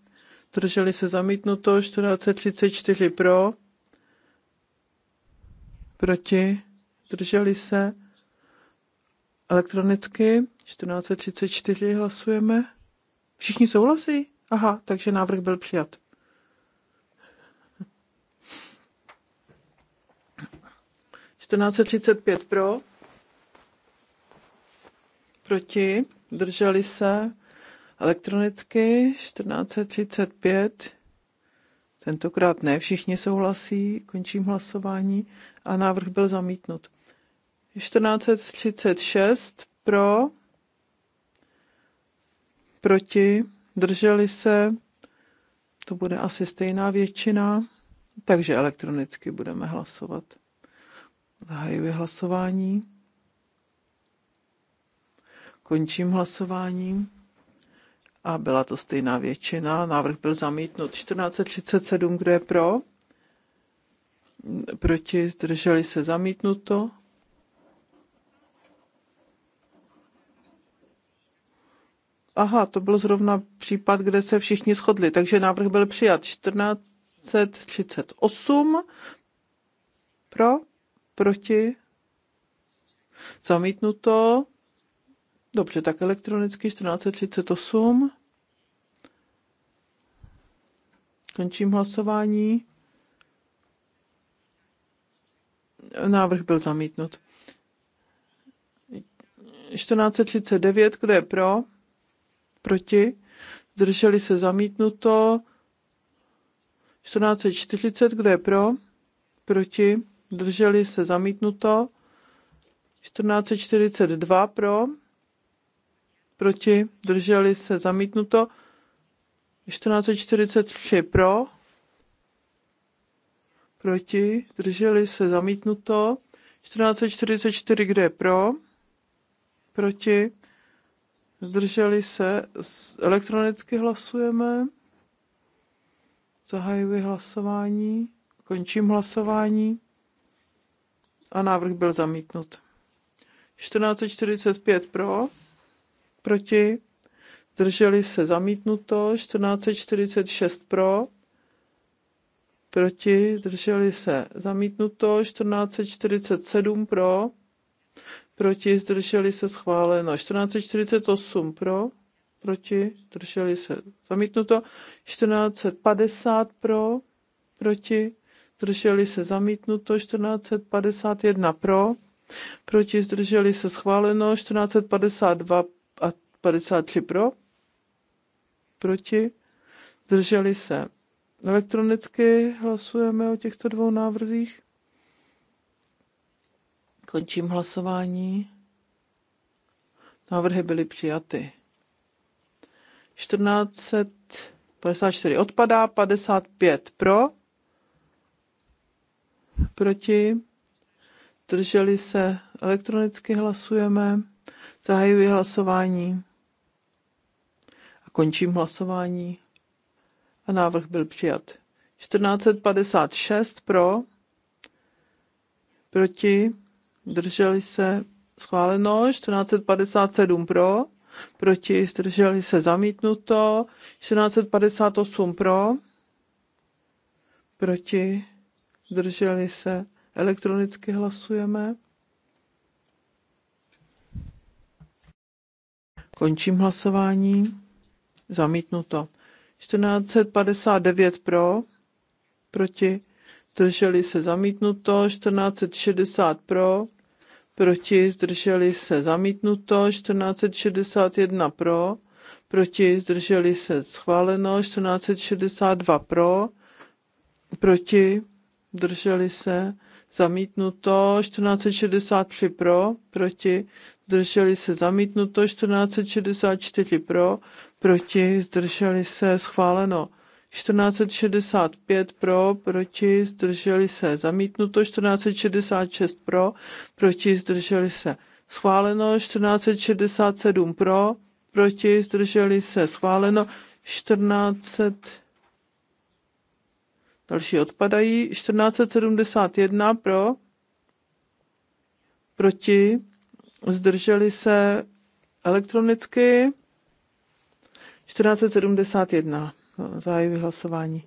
drželi se zamítnuto, 1434 pro, proti, drželi se, Elektronicky 1434 hlasujeme. Všichni souhlasí? Aha, takže návrh byl přijat. pět pro, proti, drželi se elektronicky 1435. Tentokrát ne, všichni souhlasí, končím hlasování a návrh byl zamítnut. 1436 pro, proti, drželi se, to bude asi stejná většina, takže elektronicky budeme hlasovat. Zahajuji hlasování. Končím hlasování. A byla to stejná většina. Návrh byl zamítnut. 1437, kdo je pro? Proti, drželi se zamítnuto. Aha, to byl zrovna případ, kde se všichni shodli, takže návrh byl přijat 1438 pro, proti, zamítnuto, dobře, tak elektronicky 1438, končím hlasování, návrh byl zamítnut. 1439, kdo je pro? proti, zdrželi se zamítnuto, 1440, kdo je pro, proti, zdrželi se zamítnuto, 1442 pro, proti, zdrželi se zamítnuto, 1443 pro, proti, zdrželi se zamítnuto, 1444, kde je pro, proti, zdrželi se, elektronicky hlasujeme, zahajuji hlasování, končím hlasování a návrh byl zamítnut. 1445 pro, proti, zdrželi se zamítnuto, 1446 pro, proti, zdrželi se zamítnuto, 1447 pro, proti, zdrželi se schváleno. 1448 pro, proti, zdrželi se zamítnuto. 1450 pro, proti, zdrželi se zamítnuto. 1451 pro, proti, zdrželi se schváleno. 1452 a 53 pro, proti, zdrželi se. Elektronicky hlasujeme o těchto dvou návrzích. Končím hlasování. Návrhy byly přijaty. 1454 odpadá, 55 pro, proti, drželi se, elektronicky hlasujeme, zahajuji hlasování a končím hlasování a návrh byl přijat. 1456 pro, proti, zdrželi se schváleno, 1457 pro, proti zdrželi se zamítnuto, 1458 pro, proti zdrželi se elektronicky hlasujeme. Končím hlasování. Zamítnuto. 1459 pro, proti zdrželi se zamítnuto, 1460 pro, proti, zdrželi se zamítnuto, 1461 pro, proti, zdrželi se schváleno, 1462 pro, proti, zdrželi se zamítnuto, 1463 pro, proti, zdrželi se zamítnuto, 1464 pro, proti, zdrželi se schváleno. 1465 pro, proti, zdrželi se. Zamítnuto 1466 pro, proti, zdrželi se. Schváleno 1467 pro, proti, zdrželi se. Schváleno 14 Další odpadají. 1471 pro, proti, zdrželi se elektronicky. 1471. Zahajuji hlasování.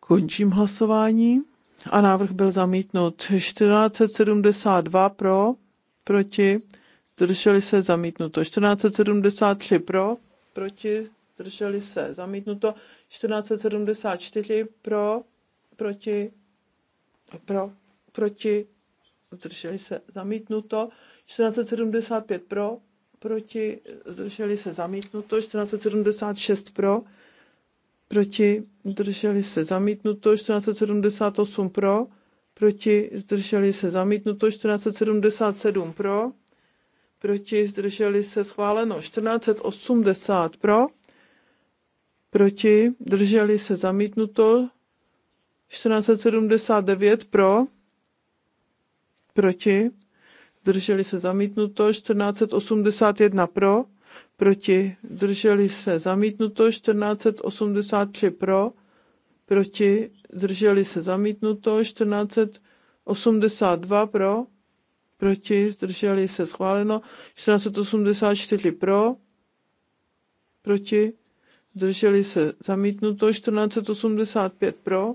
Končím hlasování a návrh byl zamítnut. 1472 pro, proti, drželi se zamítnuto. 1473 pro, proti, drželi se zamítnuto. 1474 pro, proti, pro, proti, drželi se zamítnuto. 1475 pro, proti, zdrželi se zamítnuto, 1476 pro, proti, zdrželi se zamítnuto, 1478 pro, proti, zdrželi se zamítnuto, 1477 pro, proti, zdrželi se schváleno, 1480 pro, proti, zdrželi se zamítnuto, 1479 pro, proti, drželi se zamítnuto, 1481 pro, proti, drželi se zamítnuto, 1483 pro, proti, drželi se zamítnuto, 1482 pro, proti, zdrželi se schváleno, 1484 pro, proti, zdrželi se zamítnuto, 1485 pro,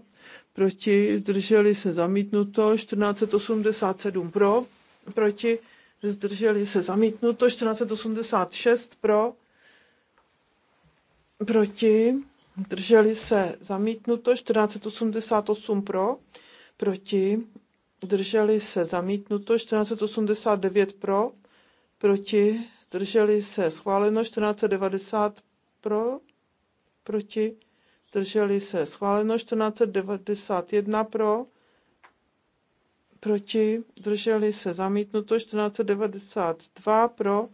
proti, zdrželi se zamítnuto, 1487 pro, proti, zdrželi se zamítnuto, 1486 pro, proti, zdrželi se zamítnuto, 1488 pro, proti, zdrželi se zamítnuto, 1489 pro, proti, zdrželi se schváleno, 1490 pro, proti, zdrželi se schváleno, 1491 pro, proti, drželi se zamítnuto, 1492 pro,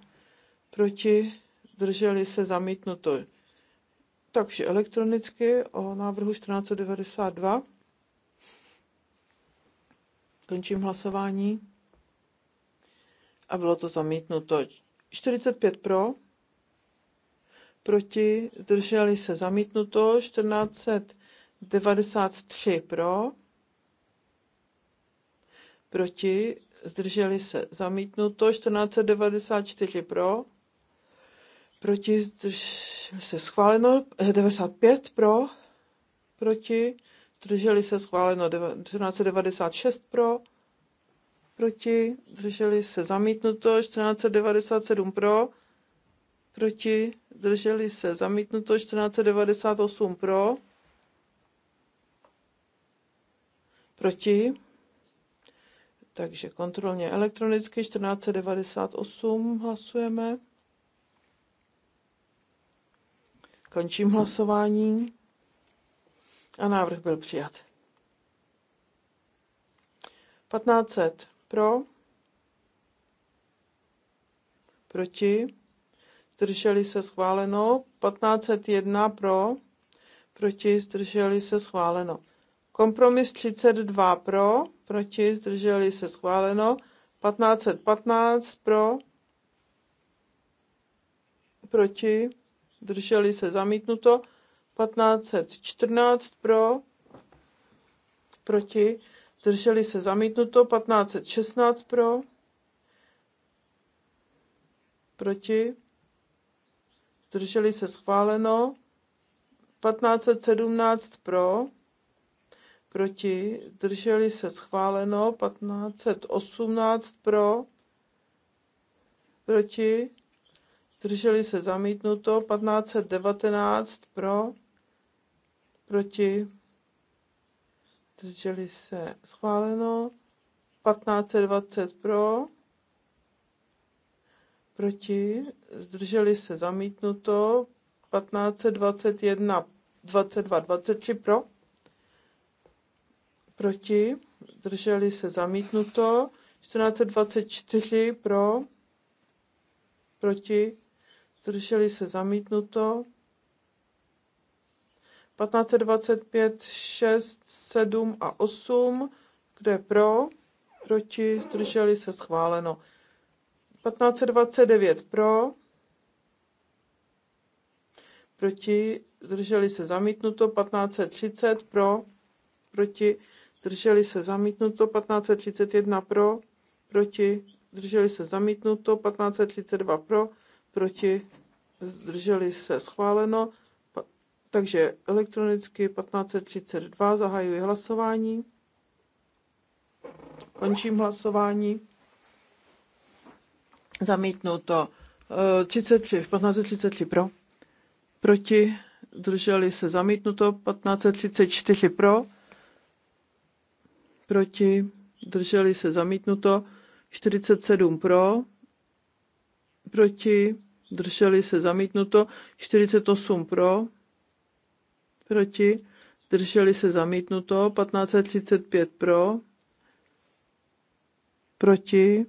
proti, drželi se zamítnuto. Takže elektronicky o návrhu 1492. Končím hlasování. A bylo to zamítnuto. 45 pro, proti, drželi se zamítnuto, 1493 pro, proti, zdrželi se, zamítnuto, 1494 pro, proti, zdrželi se, schváleno, 95 eh, pro, proti, zdrželi se, schváleno, 1496 pro, proti, zdrželi se, zamítnuto, 1497 pro, proti, zdrželi se, zamítnuto, 1498 pro, proti, takže kontrolně elektronicky 1498 hlasujeme. Končím hlasování a návrh byl přijat. 1500 pro, proti, zdrželi se schváleno, 1501 pro, proti, zdrželi se schváleno. Kompromis třicet dva pro, proti, zdrželi se schváleno, 1515 pro, proti, zdrželi se zamítnuto, 1514 pro, proti, zdrželi se zamítnuto, 1516 pro, proti, zdrželi se schváleno, 1517 pro, proti, drželi se schváleno, 1518 pro, proti, drželi se zamítnuto, 1519 pro, proti, drželi se schváleno, 1520 pro, proti, zdrželi se zamítnuto, 1521, 22, 23 pro proti, zdrželi se zamítnuto, 1424 pro, proti, zdrželi se zamítnuto, 1525, 6, 7 a 8, kde pro, proti, zdrželi se schváleno. 1529 pro, proti, zdrželi se zamítnuto, 1530 pro, proti, zdrželi se zamítnuto, 1531 pro, proti, zdrželi se zamítnuto, 1532 pro, proti, zdrželi se schváleno, takže elektronicky 1532 zahajuji hlasování. Končím hlasování. Zamítnuto 33, eh, 1533 pro, proti, zdrželi se zamítnuto, 1534 pro, proti, drželi se zamítnuto, 47 pro, proti, drželi se zamítnuto, 48 pro, proti, drželi se zamítnuto, 1535 pro, proti,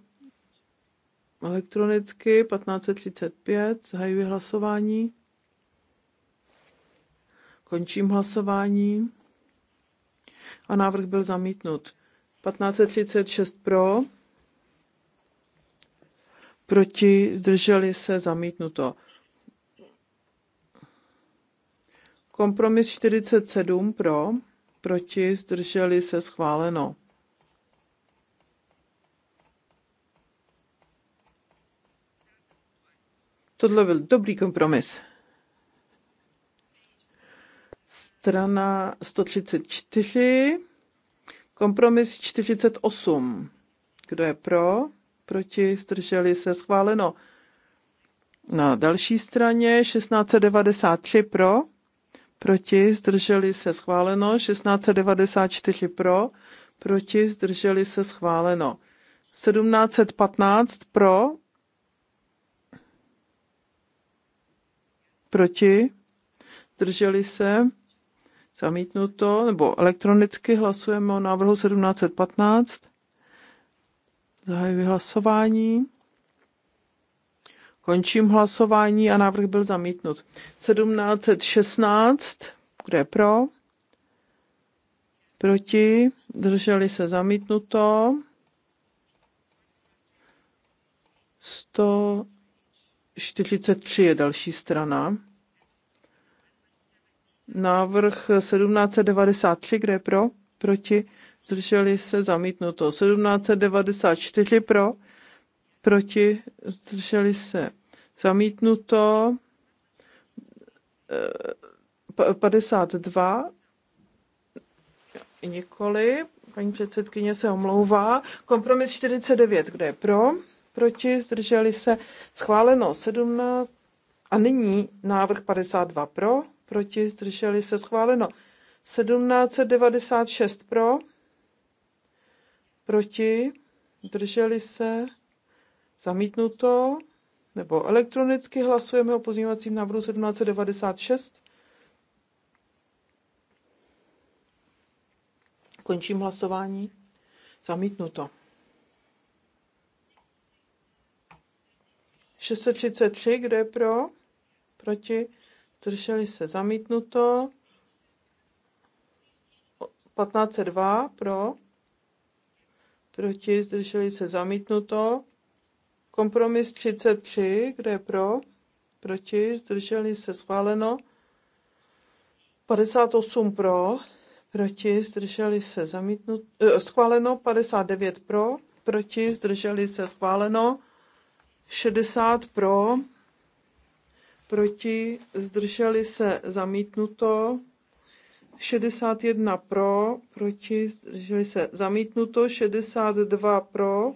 elektronicky, 1535, zahajuji hlasování, končím hlasování a návrh byl zamítnut. 1536 pro, proti, zdrželi se, zamítnuto. Kompromis 47 pro, proti, zdrželi se, schváleno. Tohle byl dobrý kompromis. strana 134, kompromis 48. Kdo je pro? Proti? Zdrželi se? Schváleno. Na další straně 1693 pro, proti, zdrželi se schváleno, 1694 pro, proti, zdrželi se schváleno, 1715 pro, proti, zdrželi se, Zamítnuto, nebo elektronicky hlasujeme o návrhu 1715. Zahajuji hlasování. Končím hlasování a návrh byl zamítnut. 1716, kde je pro? Proti, drželi se zamítnuto. 143 je další strana návrh 1793, kde pro, proti, zdrželi se zamítnuto. 1794 pro, proti, zdrželi se zamítnuto. 52 eh, nikoli, paní předsedkyně se omlouvá. Kompromis 49, kde je pro, proti, zdrželi se schváleno 17 a nyní návrh 52 pro, proti, zdrželi se schváleno. 1796 pro, proti, zdrželi se, zamítnuto, nebo elektronicky hlasujeme o pozměňovacím návrhu 1796. Končím hlasování. Zamítnuto. 633, kdo je pro? Proti? zdrželi se zamítnuto. 152 pro, proti, zdrželi se zamítnuto. Kompromis 33, kde je pro, proti, zdrželi se schváleno. 58 pro, proti, zdrželi se zamítnuto, eh, schváleno. 59 pro, proti, zdrželi se schváleno. 60 pro, proti, zdrželi se zamítnuto, 61 pro, proti, zdrželi se zamítnuto, 62 pro,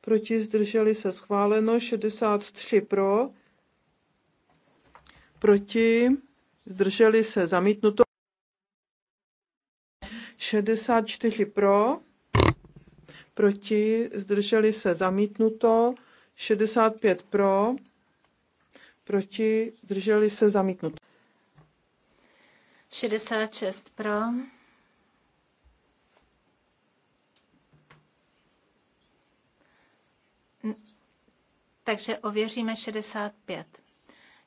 proti, zdrželi se schváleno, 63 pro, proti, zdrželi se zamítnuto, 64 pro, proti, zdrželi se zamítnuto, 65 pro, proti, zdrželi se zamítnut. 66 pro. Takže ověříme 65.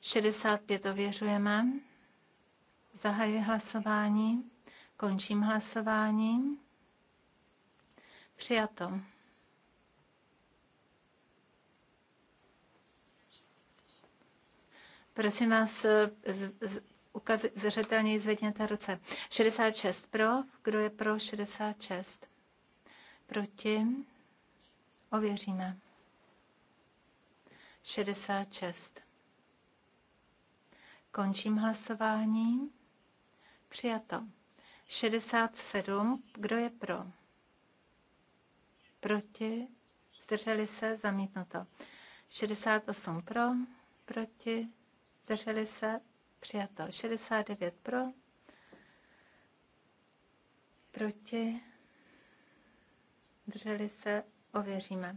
65 ověřujeme. Zahajuji hlasování. Končím hlasování. Přijato. Prosím vás, eh, ukaz, zřetelněji zvedněte ruce. 66 pro, kdo je pro 66? Proti? Ověříme. 66. Končím hlasování. Přijato. 67. Kdo je pro? Proti? Zdrželi se? Zamítnuto. 68 pro, proti, zdrželi se, přijato. 69 pro, proti, zdrželi se, ověříme.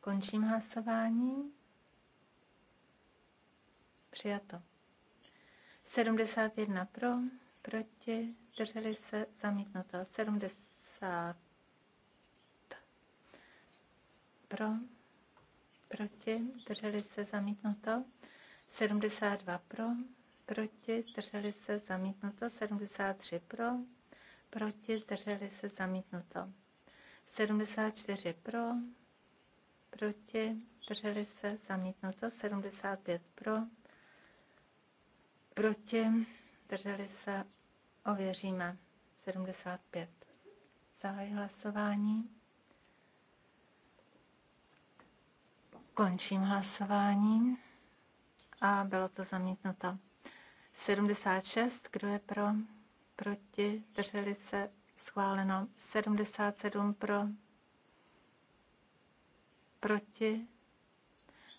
Končím hlasování. Přijato. 71 pro, proti, drželi se, zamítnuto. 70 pro, proti, drželi se zamítnuto, 72 pro, proti, drželi se zamítnuto, 73 pro, proti, zdrželi se zamítnuto, 74 pro, proti, drželi se zamítnuto, 75 pro, proti, drželi se, ověříme, 75. Zahajuji hlasování. Končím hlasování a bylo to zamítnuto. 76, kdo je pro, proti, drželi se, schváleno. 77 pro, proti,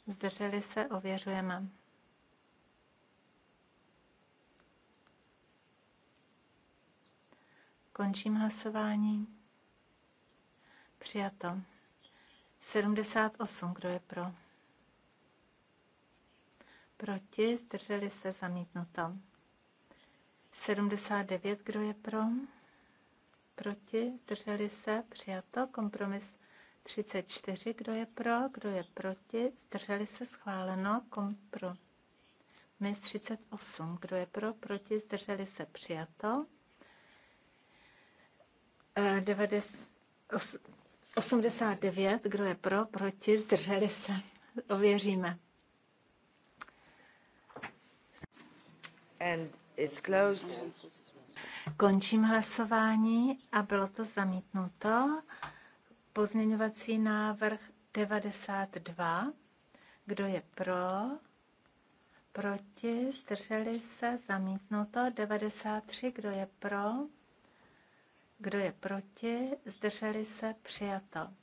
zdrželi se, ověřujeme. Končím hlasování. Přijato. 78, kdo je pro? Proti, zdrželi se zamítnuto. 79, kdo je pro? Proti, zdrželi se, přijato. Kompromis 34, kdo je pro, kdo je proti, zdrželi se, schváleno. Kompromis 38, kdo je pro, proti, zdrželi se, přijato. 90, eh, 89, kdo je pro, proti, zdrželi se. Ověříme. And it's closed. Končím hlasování a bylo to zamítnuto. Pozměňovací návrh 92. Kdo je pro? Proti? Zdrželi se? Zamítnuto. 93. Kdo je pro? Kdo je proti? Zdrželi se? Přijato.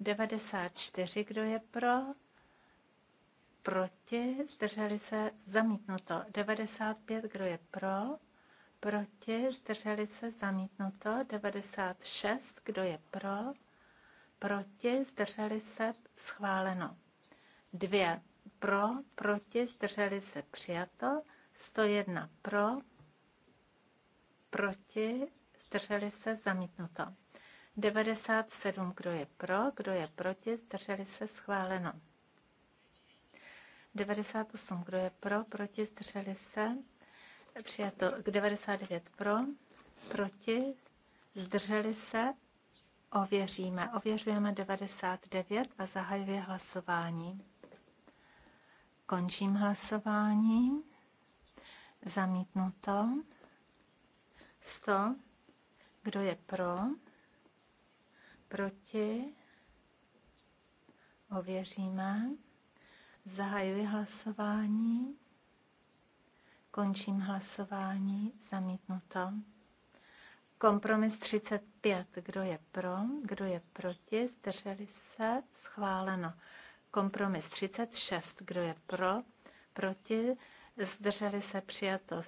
94. Kdo je pro? Proti? Zdrželi se? Zamítnuto. 95. Kdo je pro? Proti? Zdrželi se? Zamítnuto. 96. Kdo je pro? Proti? Zdrželi se? Schváleno. 2. Pro? Proti? Zdrželi se? Přijato. 101. Pro? Proti? zdrželi se, zamítnuto. 97, kdo je pro, kdo je proti, zdrželi se, schváleno. 98, kdo je pro, proti, zdrželi se, přijato. 99 pro, proti, zdrželi se, ověříme. Ověřujeme 99 a zahajuje hlasování. Končím hlasování. Zamítnuto. 100 kdo je pro? Proti? Ověříme. Zahajuji hlasování. Končím hlasování. Zamítnuto. Kompromis 35. Kdo je pro? Kdo je proti? Zdrželi se? Schváleno. Kompromis 36. Kdo je pro? Proti? Zdrželi se? Přijato.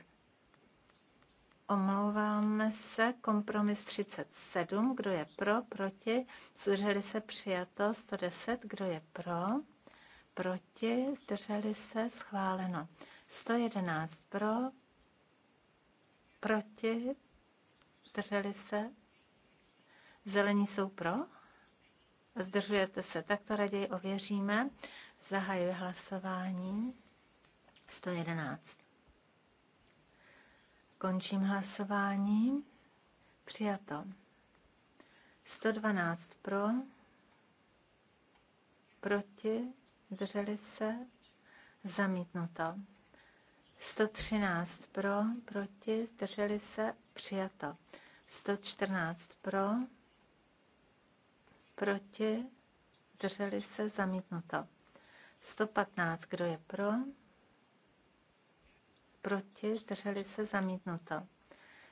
Omlouváme se. Kompromis 37. Kdo je pro? Proti? Zdrželi se přijato. 110. Kdo je pro? Proti? Zdrželi se? Schváleno. 111 pro? Proti? Zdrželi se? Zelení jsou pro? Zdržujete se? Tak to raději ověříme. Zahajuji hlasování. 111. Končím hlasování. Přijato. 112 pro, proti, zdrželi se, zamítnuto. 113 pro, proti, zdrželi se, přijato. 114 pro, proti, zdrželi se, zamítnuto. 115, kdo je pro, proti, zdrželi se, zamítnuto.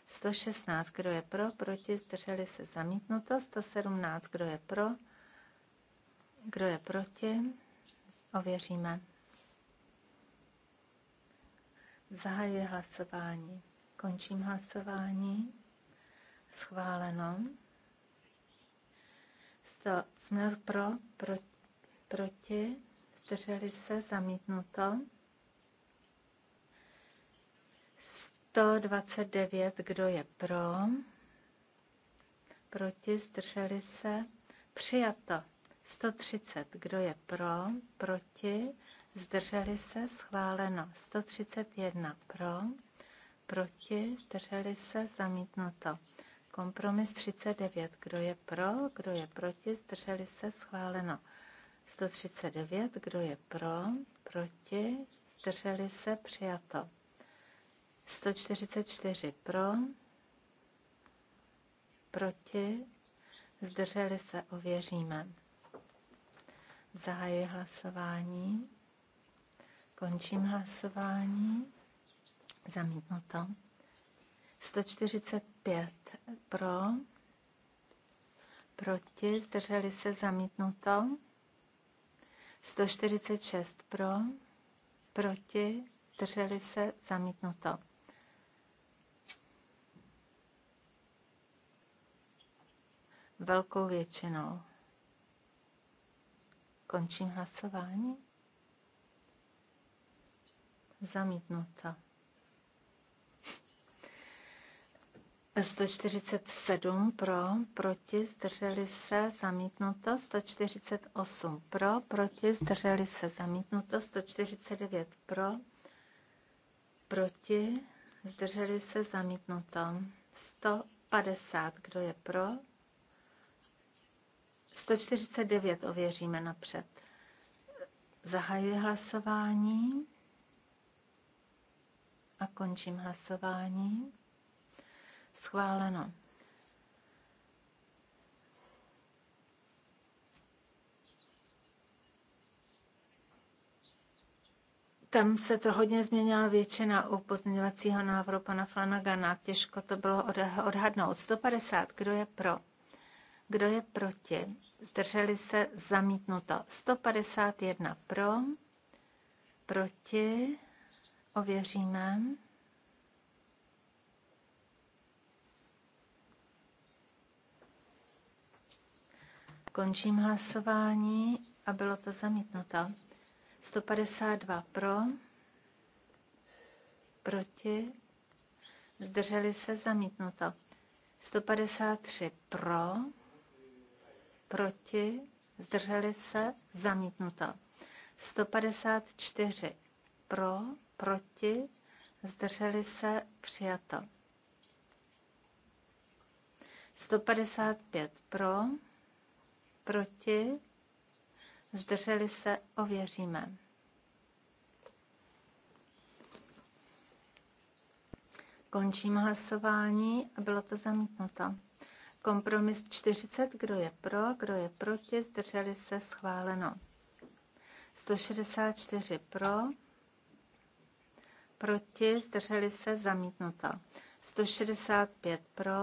116, kdo je pro, proti, zdrželi se, zamítnuto. 117, kdo je pro, kdo je proti, ověříme. Zahajuji hlasování. Končím hlasování. Schváleno. 100 jsme pro, pro proti, zdrželi se, zamítnuto. 129, kdo je pro? Proti, zdrželi se. Přijato. 130, kdo je pro? Proti, zdrželi se. Schváleno. 131 pro, proti, zdrželi se. Zamítnuto. Kompromis 39, kdo je pro, kdo je proti, zdrželi se. Schváleno. 139, kdo je pro, proti, zdrželi se. Přijato. 144 pro, proti, zdrželi se, ověříme. Zahajuji hlasování, končím hlasování, zamítnuto. 145 pro, proti, zdrželi se, zamítnuto. 146 pro, proti, zdrželi se, zamítnuto. velkou většinou. Končím hlasování. Zamítnuto. 147 pro, proti, zdrželi se, zamítnuto, 148 pro, proti, zdrželi se, zamítnuto, 149 pro, proti, zdrželi se, zamítnuto, 150, kdo je pro, 149 ověříme napřed. Zahajuji hlasování a končím hlasování. Schváleno. Tam se to hodně změnila většina u pozměňovacího návrhu pana Flanagana. Těžko to bylo odhadnout. 150, kdo je pro? Kdo je proti? Zdrželi se zamítnuto. 151 pro, proti, ověříme. Končím hlasování a bylo to zamítnuto. 152 pro, proti, zdrželi se zamítnuto. 153 pro, proti, zdrželi se, zamítnuto. 154 pro, proti, zdrželi se, přijato. 155 pro, proti, zdrželi se, ověříme. Končím hlasování a bylo to zamítnuto. Kompromis 40, kdo je pro, kdo je proti, zdrželi se schváleno. 164 pro, proti, zdrželi se zamítnuto. 165 pro,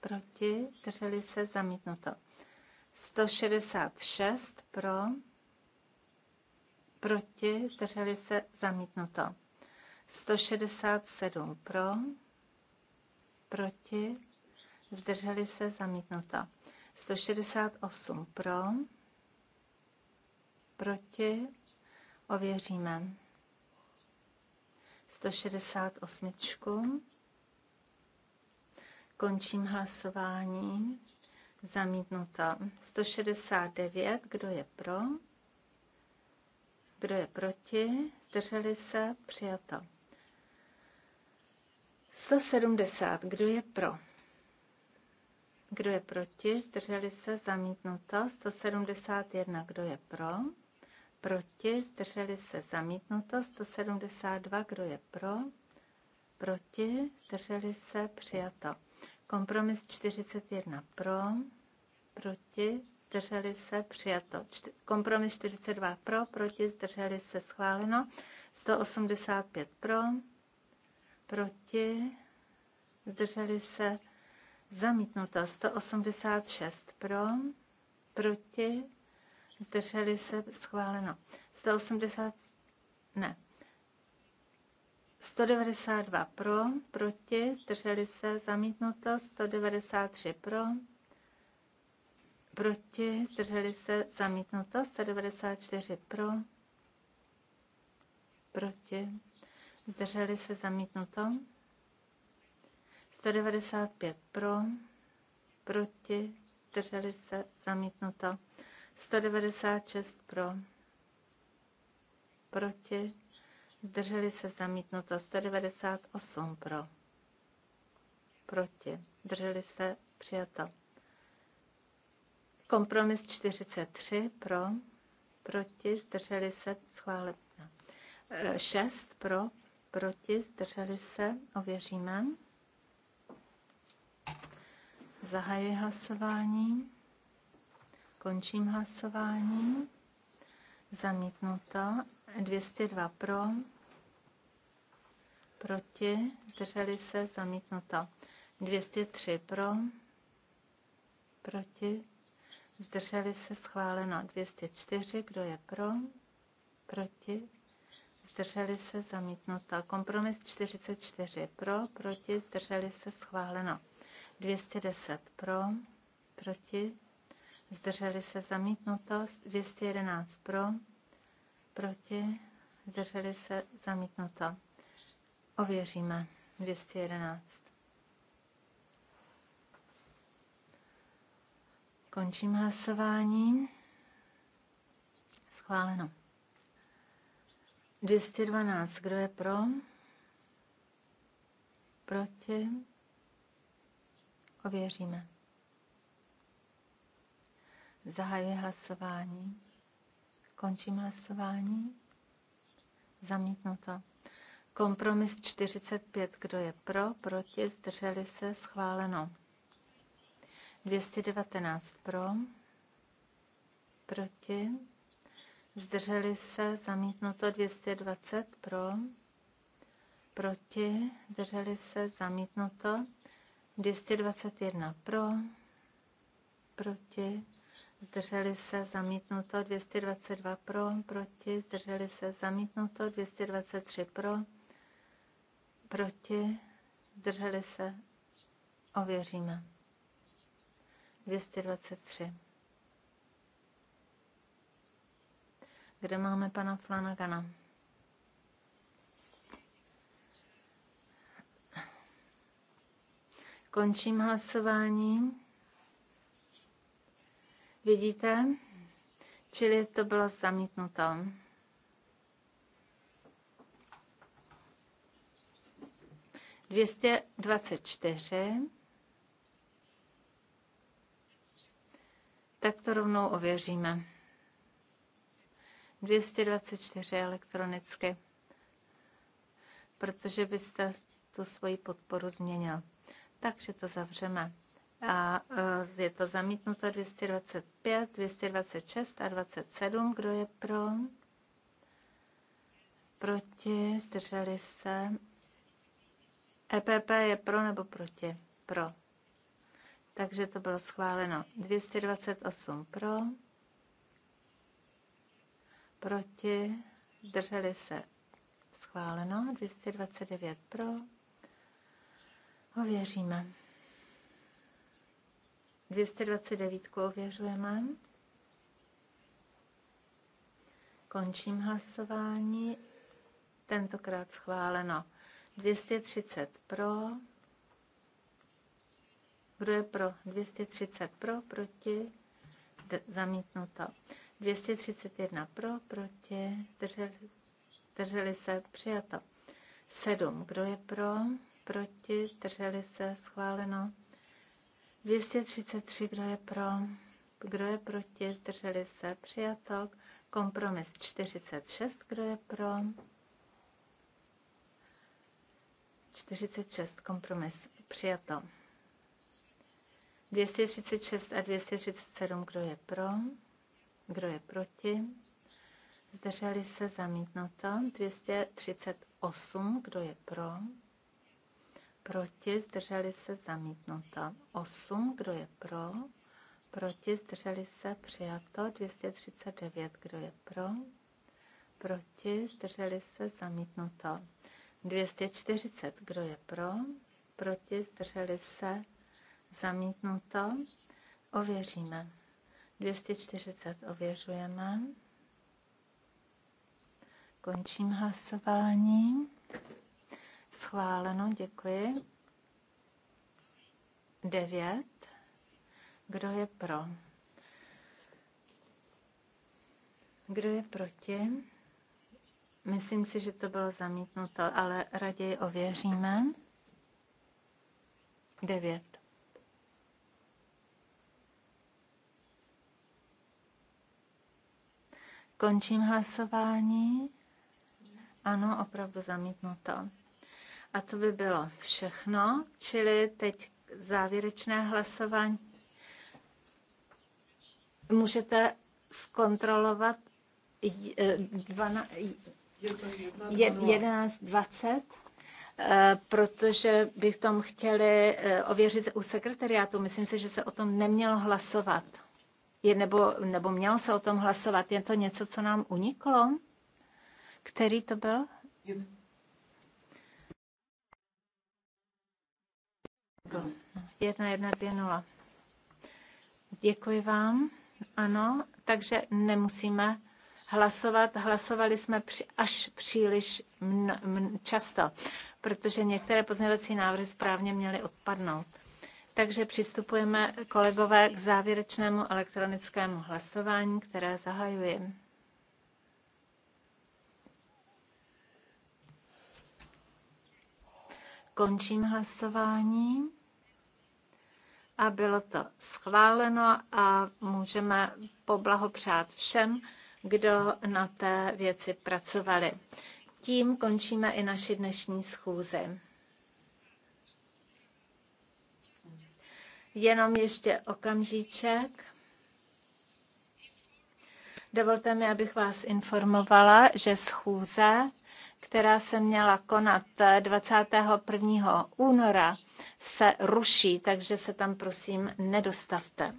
proti, zdrželi se zamítnuto. 166 pro, proti, zdrželi se zamítnuto. 167 pro, proti, zdrželi se, zamítnuto. 168 pro, proti, ověříme. 168. Končím hlasování. Zamítnuto. 169. Kdo je pro? Kdo je proti? Zdrželi se? Přijato. 170. Kdo je pro? Kdo je proti? Zdrželi se? Zamítnuto. 171. Kdo je pro? Proti? Zdrželi se? Zamítnuto. 172. Kdo je pro? Proti? Zdrželi se? Přijato. Kompromis 41 pro, proti, zdrželi se, přijato. Kompromis 42 pro, proti, zdrželi se, schváleno. 185 pro, proti, zdrželi se, Zamítnuto 186 pro, proti, zdrželi se, schváleno. 180, ne. 192 pro, proti, zdrželi se, zamítnuto, 193 pro, proti, zdrželi se, zamítnuto, 194 pro, proti, zdrželi se, zamítnuto. 195 pro, proti, zdrželi se, zamítnuto. 196 pro, proti, zdrželi se, zamítnuto. 198 pro, proti, zdrželi se, přijato. Kompromis 43 pro, proti, zdrželi se, schváleno. 6 e, pro, proti, zdrželi se, ověříme. Zahajuji hlasování. Končím hlasování. Zamítnuto. 202 pro. Proti. Drželi se. Zamítnuto. 203 pro. Proti. Zdrželi se. Schváleno. 204. Kdo je pro? Proti. Zdrželi se. Zamítnuto. Kompromis 44 pro. Proti. Zdrželi se. Schváleno. 210 pro, proti, zdrželi se zamítnuto, 211 pro, proti, zdrželi se zamítnuto. Ověříme 211. Končím hlasování. Schváleno. 212. Kdo je pro? Proti? Ověříme. Zahajuji hlasování. Končím hlasování. Zamítnuto. Kompromis 45. Kdo je pro, proti, zdrželi se, schváleno. 219 pro, proti, zdrželi se, zamítnuto 220 pro, proti, zdrželi se, zamítnuto 221 pro, proti, zdrželi se, zamítnuto, 222 pro, proti, zdrželi se, zamítnuto, 223 pro, proti, zdrželi se, ověříme. 223. Kde máme pana Flanagana? Končím hlasování. Vidíte? Čili to bylo zamítnuto. Dvěstě dvacet čtyři. Tak to rovnou ověříme. Dvěstě dvacet čtyři elektronicky, protože byste tu svoji podporu změnil takže to zavřeme. A e, je to zamítnuto 225, 226 a 27. Kdo je pro? Proti? Zdrželi se? EPP je pro nebo proti? Pro. Takže to bylo schváleno. 228 pro. Proti? Zdrželi se? Schváleno. 229 pro Ověříme. 229 ověřujeme. Končím hlasování. Tentokrát schváleno. 230 pro. Kdo je pro? 230 pro, proti. D- zamítnuto. 231 pro, proti. Drželi, drželi se. Přijato. 7. Kdo je pro? proti, zdrželi se, schváleno. 233, kdo je pro, kdo je proti, zdrželi se, přijato. Kompromis 46, kdo je pro, 46, kompromis, přijato. 236 a 237, kdo je pro, kdo je proti, zdrželi se, zamítnuto. 238, kdo je pro, proti, zdrželi se zamítnuto. 8, kdo je pro, proti, zdrželi se přijato. 239, kdo je pro, proti, zdrželi se zamítnuto. 240, kdo je pro, proti, zdrželi se zamítnuto. Ověříme. 240 ověřujeme. Končím hlasování. Schváleno, děkuji. Devět. Kdo je pro? Kdo je proti? Myslím si, že to bylo zamítnuto, ale raději ověříme. Devět. Končím hlasování. Ano, opravdu zamítnuto. A to by bylo všechno, čili teď závěrečné hlasování. Můžete zkontrolovat 11.20, eh, eh, protože bych tom chtěli eh, ověřit u sekretariátu. Myslím si, že se o tom nemělo hlasovat. Je, nebo, nebo mělo se o tom hlasovat. Je to něco, co nám uniklo? Který to byl? 1120. Děkuji vám. Ano, takže nemusíme hlasovat. Hlasovali jsme při, až příliš často, protože některé pozměňovací návrhy správně měly odpadnout. Takže přistupujeme, kolegové, k závěrečnému elektronickému hlasování, které zahajuji. Končím hlasování a bylo to schváleno a můžeme poblahopřát všem, kdo na té věci pracovali. Tím končíme i naši dnešní schůzi. Jenom ještě okamžíček. Dovolte mi, abych vás informovala, že schůze která se měla konat 21. února, se ruší, takže se tam prosím nedostavte.